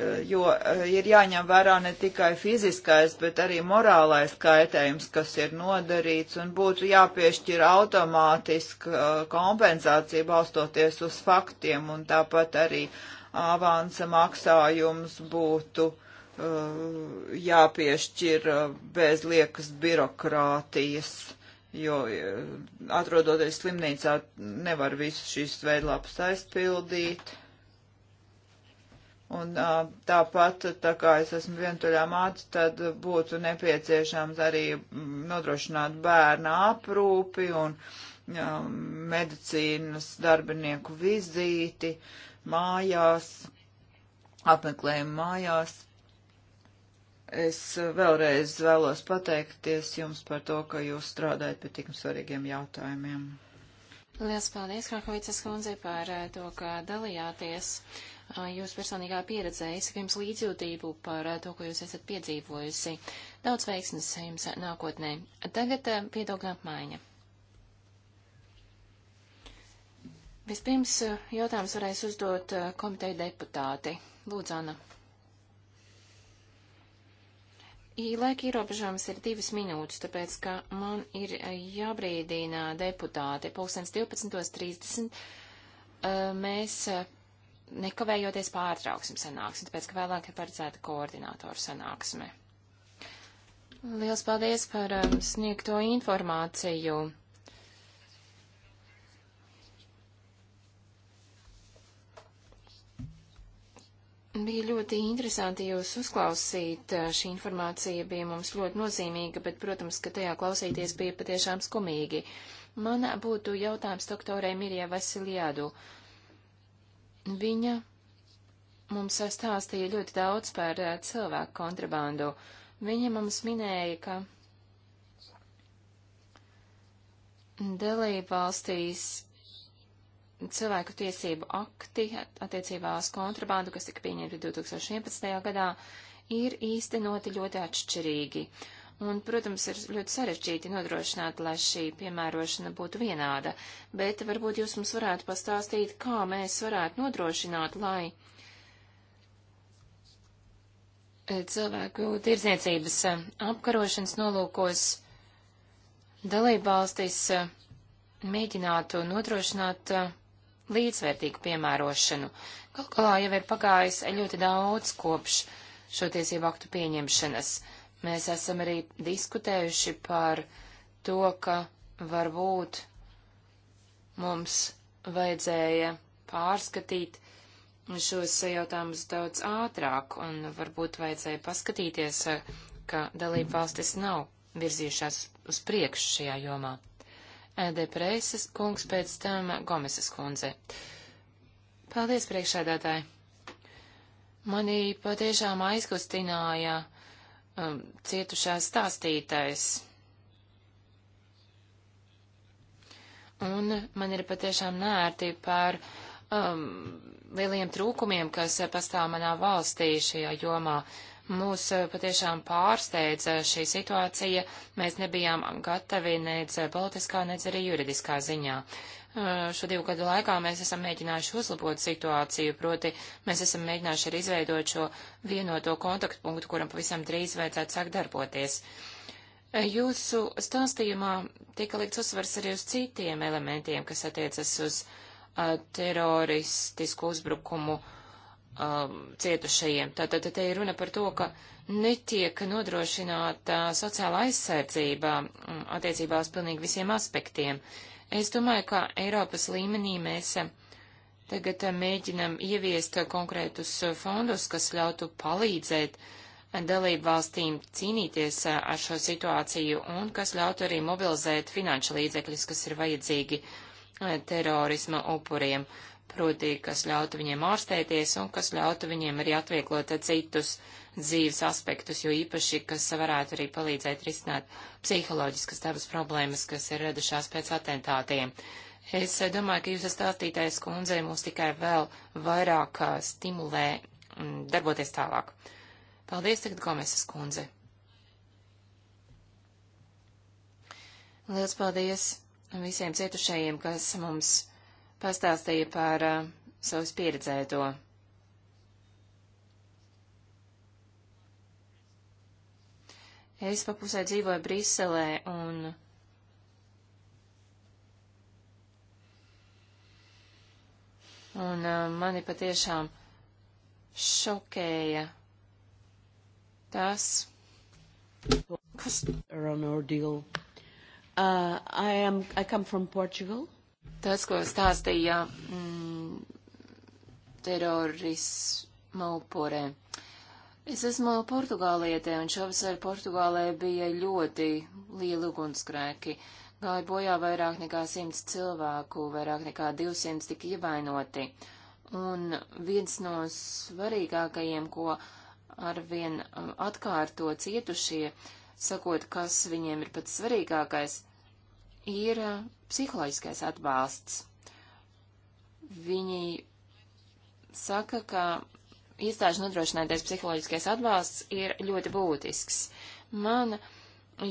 Eh, jo eh, ir jāņem vērā ne tikai fiziskais, bet arī morālais kaitējums, kas ir nodarīts, un būtu jāpiešķir automātiska eh, kompensācija balstoties uz faktiem, un tāpat arī avansa maksājums būtu uh, jāpiešķir bez liekas birokrātijas, jo atrodoties slimnīcā nevar visus šīs veidlapas aizpildīt Un tāpat, tā kā es esmu vientuļā māte, tad būtu nepieciešams arī nodrošināt bērna aprūpi un um, medicīnas darbinieku vizīti mājās, apmeklējumu mājās. Es vēlreiz vēlos pateikties jums par to, ka jūs strādājat pie tik svarīgiem jautājumiem. Lielas paldies, Krakovicas kundze, par to, ka dalījāties. Uh, jūsu personīgā pieredzē. Es jums līdzjūtību par to, ko jūs esat piedzīvojusi. Daudz veiksmes jums nākotnē. Tagad viedokļa apmaiņa. Vispirms jautājums varēs uzdot komiteja deputāti. Lūdzu, Ana. Laika ierobežojums ir divas minūtes, tāpēc, ka man ir jābrīdina deputāti. Pulkstens 12.30 mēs nekavējoties pārtrauksim sanāksmi, tāpēc, ka vēlāk ir paredzēta koordinātoru sanāksme. Liels paldies par um, sniegto informāciju. Bija ļoti interesanti jūs uzklausīt. Uh, šī informācija bija mums ļoti nozīmīga, bet, protams, ka tajā klausīties bija patiešām skumīgi. Man būtu jautājums doktorai Mirjai Vasiljādu. Uh, Viņa mums stāstīja ļoti daudz par uh, cilvēku kontrabandu. Viņa mums minēja, ka dalība valstīs cilvēku tiesību akti attiecībā uz kontrabandu, kas tika pieņemti 2011. gadā, ir īstenoti ļoti atšķirīgi. Uh, un, protams, ir ļoti sarežģīti nodrošināt, lai šī piemērošana būtu vienāda, bet varbūt jūs mums varētu pastāstīt, kā mēs varētu nodrošināt, lai eh, cilvēku tirdzniecības eh, apkarošanas nolūkos dalībvalstis eh, mēģinātu nodrošināt līdzvērtīgu piemērošanu. Galu galā jau ir pagājis ļoti daudz kopš šo tiesību aktu pieņemšanas. Uh, Mēs esam arī diskutējuši par to, ka varbūt mums vajadzēja pārskatīt šos jautājumus daudz ātrāk, un varbūt vajadzēja paskatīties, ka dalībvalstis nav virzījušās uz priekšu šajā jomā. Depreses kungs pēc tam Gomeses kundze. Paldies priekšēdātāji! Mani patiešām aizkustināja um, cietušā stāstītājs. Un man ir patiešām nērti par um, lieliem trūkumiem, kas pastāv manā valstī šajā jomā. Mūs uh, patiešām pārsteidza uh, šī situācija. Mēs nebijām gatavi nec uh, politiskā, nec arī juridiskā ziņā šo divu gadu laikā mēs esam mēģinājuši uzlabot situāciju, proti mēs esam mēģinājuši arī izveidot šo vienoto kontaktpunktu, kuram pavisam drīz vajadzētu sākt darboties. Jūsu stāstījumā tika likts uzsvars arī uz citiem elementiem, kas attiecas uz uh, teroristisku uzbrukumu um, cietušajiem. Tātad te ir runa par to, ka netiek nodrošināta sociāla aizsardzība mm, attiecībā uz pilnīgi visiem aspektiem. Uh, Es domāju, ka Eiropas līmenī mēs eh, tagad eh, mēģinam ieviest eh, konkrētus fondus, kas ļautu palīdzēt dalību valstīm cīnīties ar šo situāciju un kas ļautu arī mobilizēt finanšu līdzekļus, kas ir vajadzīgi terorisma upuriem, proti, kas ļautu viņiem ārstēties un kas ļautu viņiem arī atvieglot citus uh, dzīves aspektus, jo īpaši, kas varētu arī palīdzēt risināt psiholoģiskas dabas problēmas, kas ir radušās pēc atentātiem. Es eh, domāju, ka jūsu stāstītais kundze mūs tikai vēl vairāk eh, stimulē mm, darboties tālāk. Paldies tagad, Gomesas kundze. Liels paldies visiem cietušajiem, kas mums pastāstīja par uh, eh, savus pieredzēto. Es pa pusē dzīvoju Briselē un. Un uh, mani patiešām šokēja tas, kas. Uh, I am, I come from Portugal. Tas, ko stāstīja mm, terorisma upurē. Uh, Es esmu Portugālietē, un šovasar Portugālē bija ļoti lieli ugunsgrēki. Gāja bojā vairāk nekā simts cilvēku, vairāk nekā 200 tika ievainoti. Un viens no svarīgākajiem, ko arvien um, atkārto cietušie, sakot, kas viņiem ir pats svarīgākais, ir uh, psiholoģiskais atbalsts. Viņi saka, ka iestāžu nodrošinātais psiholoģiskais atbalsts ir ļoti būtisks. Man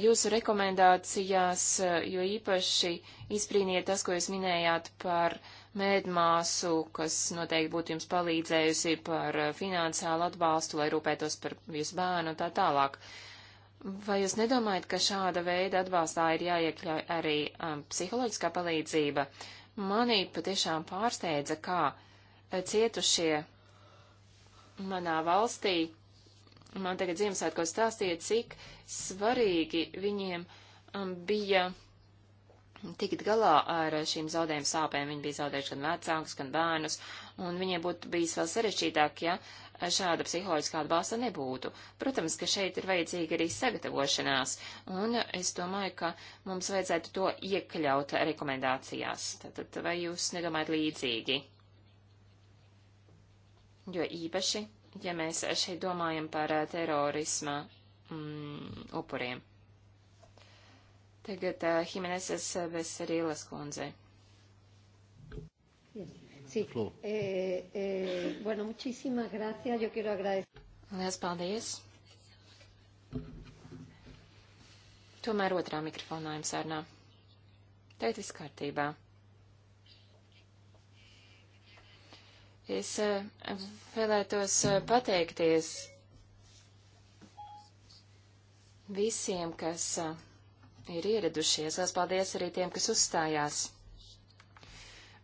jūsu rekomendācijās, jo īpaši izbrīniet tas, ko jūs minējāt par mēdmāsu, kas noteikti būtu jums palīdzējusi par eh, finansiālu atbalstu, lai rūpētos par jūsu bērnu un tā tālāk. Vai jūs nedomājat, ka šāda veida atbalstā ir jāiekļauj arī um, psiholoģiskā palīdzība? Manī patiešām pārsteidza, kā eh, cietušie manā valstī man tagad Ziemassvētkos stāstīja, cik svarīgi viņiem um, bija tikt galā ar šīm zaudējuma sāpēm. Viņi bija zaudējuši gan vecākus, gan bērnus, un viņiem būtu bijis vēl sarežģītāk, ja šāda psiholoģiskā atbalsta nebūtu. Protams, ka šeit ir vajadzīga arī sagatavošanās, un es domāju, ka mums vajadzētu to iekļaut rekomendācijās. Tātad, vai jūs nedomājat līdzīgi? jo īpaši, ja mēs šeit domājam par eh, terorisma mm, upuriem. Tagad uh, Jimenezes eh, Veserīlas kundzei. Sí. Eh, eh, bueno, muchísimas gracias. Yo quiero agradecer. Lielas paldies. Tomēr otrā mikrofonā jums sarunā. Teikt viss kārtībā. Es e, vēlētos e, pateikties visiem, kas e, ir ieradušies. Lielas paldies arī tiem, kas uzstājās.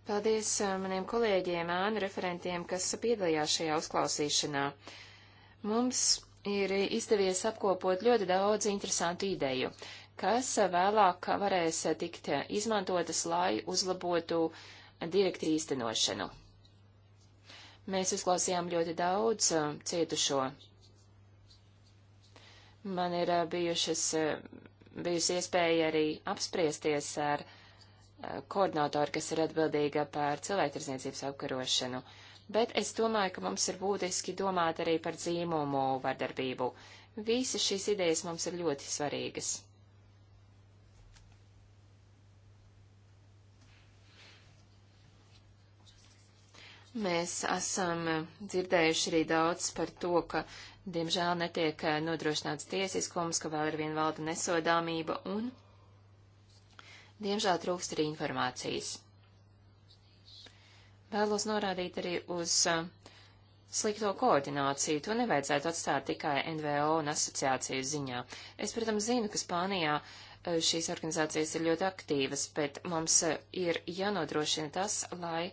Paldies maniem kolēģiem, ēnu referentiem, kas piedalījās šajā uzklausīšanā. Mums ir izdevies apkopot ļoti daudz interesantu ideju, kas vēlāk varēs tikt izmantotas, lai uzlabotu direktīvu īstenošanu. Mēs uzklausījām ļoti daudz um, cietušo. Man ir uh, bijušas, uh, bijusi iespēja arī apspriesties ar uh, koordinatoru, kas ir atbildīga par cilvēktirdzniecības apkarošanu. Bet es domāju, ka mums ir būtiski domāt arī par dzīmumu vardarbību. Visas šīs idejas mums ir ļoti svarīgas. Mēs esam dzirdējuši arī daudz par to, ka, diemžēl, netiek eh, nodrošināts tiesiskums, ka vēl ar vienu valda nesodāmība un, diemžēl, trūkst arī informācijas. Vēlos norādīt arī uz eh, slikto koordināciju. To nevajadzētu atstāt tikai NVO un asociācijas ziņā. Es, protams, zinu, ka Spānijā eh, šīs organizācijas ir ļoti aktīvas, bet mums ir jānodrošina tas, lai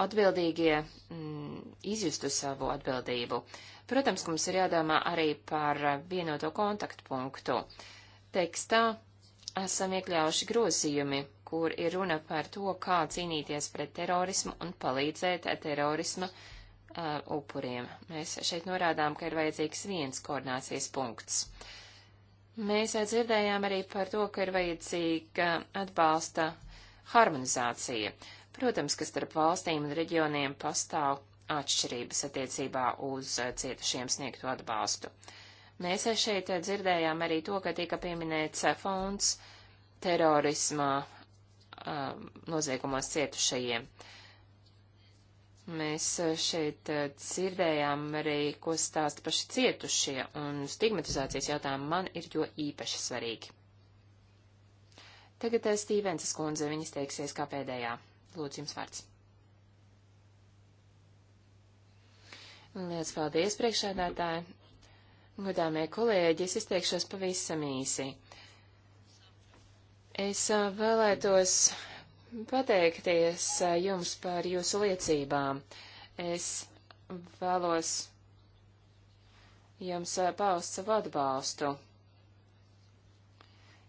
atbildīgie mm, izjustu savu atbildību. Protams, ka mums ir jādomā arī par vienoto kontaktpunktu. Tekstā esam iekļaujuši grozījumi, kur ir runa par to, kā cīnīties pret terorismu un palīdzēt terorisma uh, upuriem. Mēs šeit norādām, ka ir vajadzīgs viens koordinācijas punkts. Mēs dzirdējām arī par to, ka ir vajadzīga atbalsta harmonizācija. Uh, Protams, ka starp valstīm un reģioniem pastāv atšķirības attiecībā uz eh, cietušiem sniegto atbalstu. Mēs eh, šeit eh, dzirdējām arī to, ka tika pieminēts fonds terorismā um, ehm, noziegumos cietušajiem. Mēs šeit dzirdējām arī, ko stāsta paši cietušie, un stigmatizācijas jautājumi man ir jo īpaši svarīgi. Tagad Stīvensas kundze, viņas teiksies kā pēdējā. Lūdzu, jums vārds. Lielas paldies, priekšādātāji. Godāmie kolēģi, es izteikšos pavisam īsi. Es vēlētos pateikties jums par jūsu liecībām. Es vēlos jums paust savu atbalstu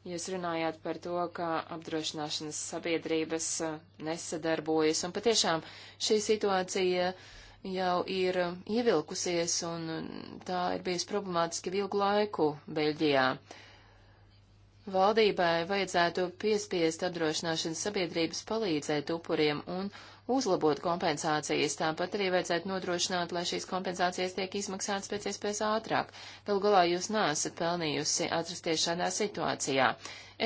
Jūs runājāt par to, ka apdrošināšanas sabiedrības uh, nesadarbojas, un patiešām šī situācija jau ir ievilkusies, un tā ir bijusi problemātiski ilgu laiku Beļģijā. Valdībai vajadzētu piespiest apdrošināšanas sabiedrības palīdzēt upuriem un uzlabot kompensācijas, tāpat arī vajadzētu nodrošināt, lai šīs kompensācijas tiek izmaksātas pēc iespējas ātrāk. Galu galā jūs nesat pelnījusi atrasties šādā situācijā.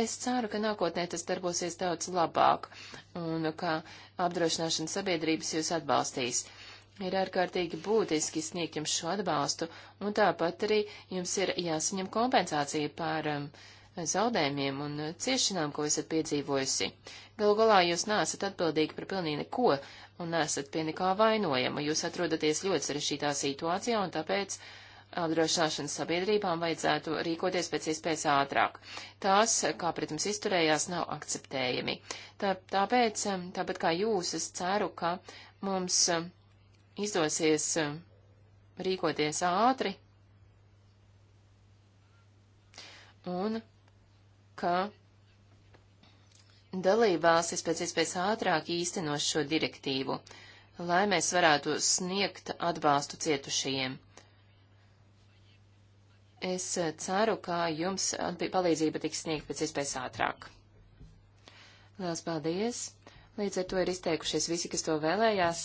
Es ceru, ka nākotnē tas darbosies daudz labāk un ka apdrošināšanas sabiedrības jūs atbalstīs. Ir ārkārtīgi būtiski sniegt jums šo atbalstu, un tāpat arī jums ir jāsaņem kompensācija par um, uh, zaudējumiem un ciešanām, ko esat piedzīvojusi. Galu galā jūs nesat atbildīgi par pilnīgi neko un nesat pie nekā vainojama. Jūs atrodaties ļoti sarešķītā situācijā un tāpēc apdrošināšanas sabiedrībām vajadzētu rīkoties pēc iespējas ātrāk. Tās, kā pret mums izturējās, nav akceptējami. Tā, tāpēc, tāpat kā jūs, es ceru, ka mums izdosies rīkoties ātri un ka dalībvalstis pēc iespējas ātrāk īstenos šo direktīvu, lai mēs varētu sniegt atbalstu cietušajiem. Es ceru, ka jums palīdzība tiks sniegta pēc iespējas ātrāk. Lielas paldies! Līdz ar to ir izteikušies visi, kas to vēlējās.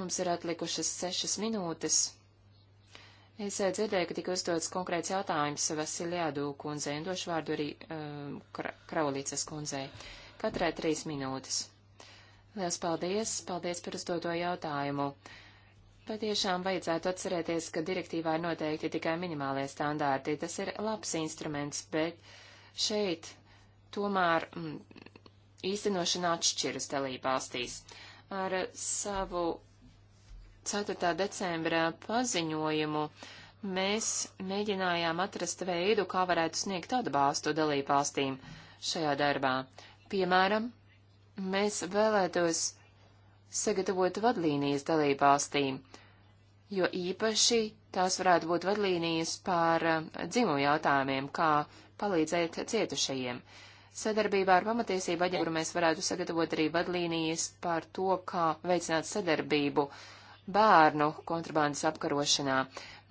Mums ir atlikušas sešas minūtes. Es eh, dzirdēju, ka tika uzdots konkrēts jautājums Vasiljādu kundzei, un došu vārdu arī um, eh, Kraulīcas kundzei. Katrai trīs minūtes. Lielas paldies, paldies par uzdoto jautājumu. Patiešām vajadzētu atcerēties, ka direktīvā ir noteikti tikai minimālie standārti. Tas ir labs instruments, bet šeit tomēr mm, īstenošana atšķiras dalībvalstīs. Ar savu 4. decembra paziņojumu mēs mēģinājām atrast veidu, kā varētu sniegt atbalstu dalībvalstīm šajā darbā. Piemēram, mēs vēlētos sagatavot vadlīnijas dalībvalstīm, jo īpaši tās varētu būt vadlīnijas par eh, dzimumu jautājumiem, kā palīdzēt cietušajiem. Sadarbībā ar pamatiesību aģentūru mēs varētu sagatavot arī vadlīnijas par to, kā veicināt sadarbību uh, bērnu kontrabandas apkarošanā.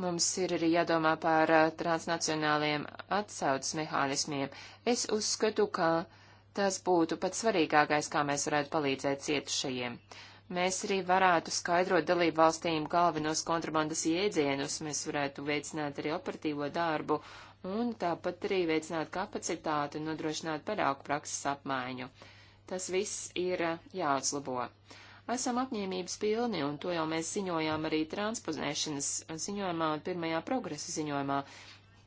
Mums ir arī jādomā par eh, transnacionāliem atsaucas mehānismiem. Es uzskatu, ka tas būtu pats svarīgākais, kā mēs varētu palīdzēt cietušajiem. Mēs arī varētu skaidrot dalību valstīm galvenos kontrabandas jēdzienus, mēs varētu veicināt arī operatīvo darbu un tāpat arī veicināt kapacitāti un nodrošināt paraugu prakses apmaiņu. Tas viss ir eh, jāuzlabo esam apņēmības pilni, un to jau mēs ziņojām arī transponēšanas ziņojumā un pirmajā progresa ziņojumā.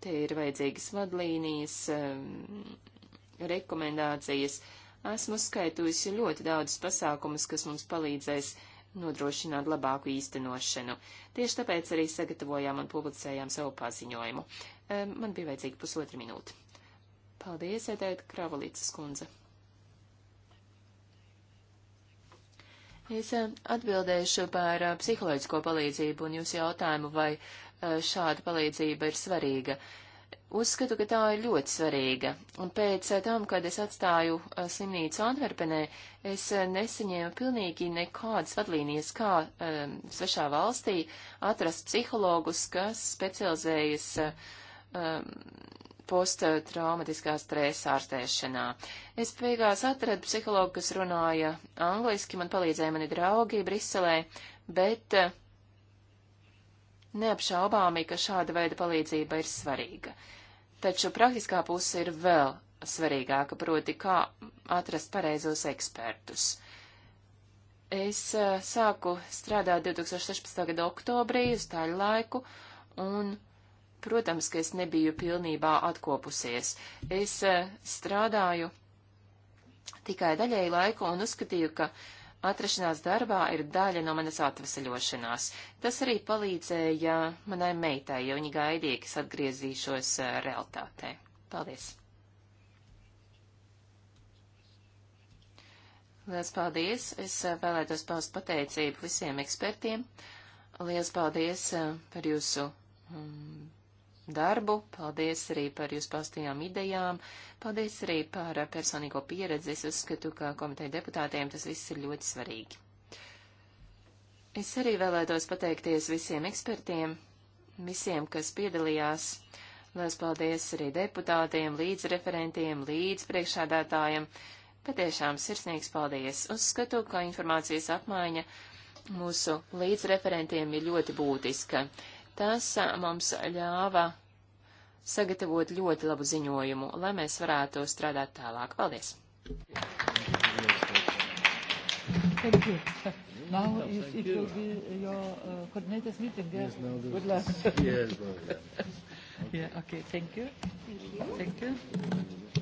Te ir vajadzīgas vadlīnijas, um, rekomendācijas. Esmu skaitījusi ļoti daudz pasākumus, kas mums palīdzēs nodrošināt labāku īstenošanu. Tieši tāpēc arī sagatavojām un publicējām savu paziņojumu. Um, man bija vajadzīga pusotra minūte. Paldies, Edēta Kravalīcas kundze. Es eh, atbildēšu par eh, psiholoģisko palīdzību un jūsu jautājumu, vai eh, šāda palīdzība ir svarīga. Uzskatu, ka tā ir ļoti svarīga, un pēc tam, kad es atstāju slimnīcu Antverpenē, es nesaņēmu pilnīgi nekādas vadlīnijas, kā um, svešā valstī atrast psihologus, kas specializējas um, posttraumatiskā stresa ārstēšanā. Es beigās atradu psihologu, kas runāja angliski, man palīdzēja mani draugi Briselē, bet eh, neapšaubāmi, ka šāda veida palīdzība ir svarīga. Taču praktiskā puse ir vēl svarīgāka, proti, kā atrast pareizos ekspertus. Es eh, sāku strādāt 2016. gada oktobrī uz tāļu laiku, un Protams, ka es nebiju pilnībā atkopusies. Es eh, strādāju tikai daļēju laiku un uzskatīju, ka atrašanās darbā ir daļa no manas atvesaļošanās. Tas arī palīdzēja manai meitai, jo viņa gaidīja, ka es atgriezīšos eh, realtātē. Paldies! Lielas paldies! Es eh, vēlētos paust pateicību visiem ekspertiem. Lielas paldies par jūsu mm, darbu, paldies arī par jūsu pastajām idejām, paldies arī par personīgo pieredzi. Es uzskatu, ka komiteja deputātiem tas viss ir ļoti svarīgi. Es arī vēlētos pateikties visiem ekspertiem, visiem, kas piedalījās. Lielas paldies arī deputātiem, līdzreferentiem, līdzpriekšādātājiem. Patiešām sirsnīgs paldies. Uzskatu, ka informācijas apmaiņa mūsu līdzreferentiem ir ļoti būtiska. Tas mums ļāva sagatavot ļoti labu ziņojumu, lai mēs varētu strādāt tālāk. Paldies! Thank you. Now is, it will be your uh, coordinators meeting. Yeah? Yes, now Good luck. yes, well, yeah. yeah, okay, thank you. Thank you. Thank you.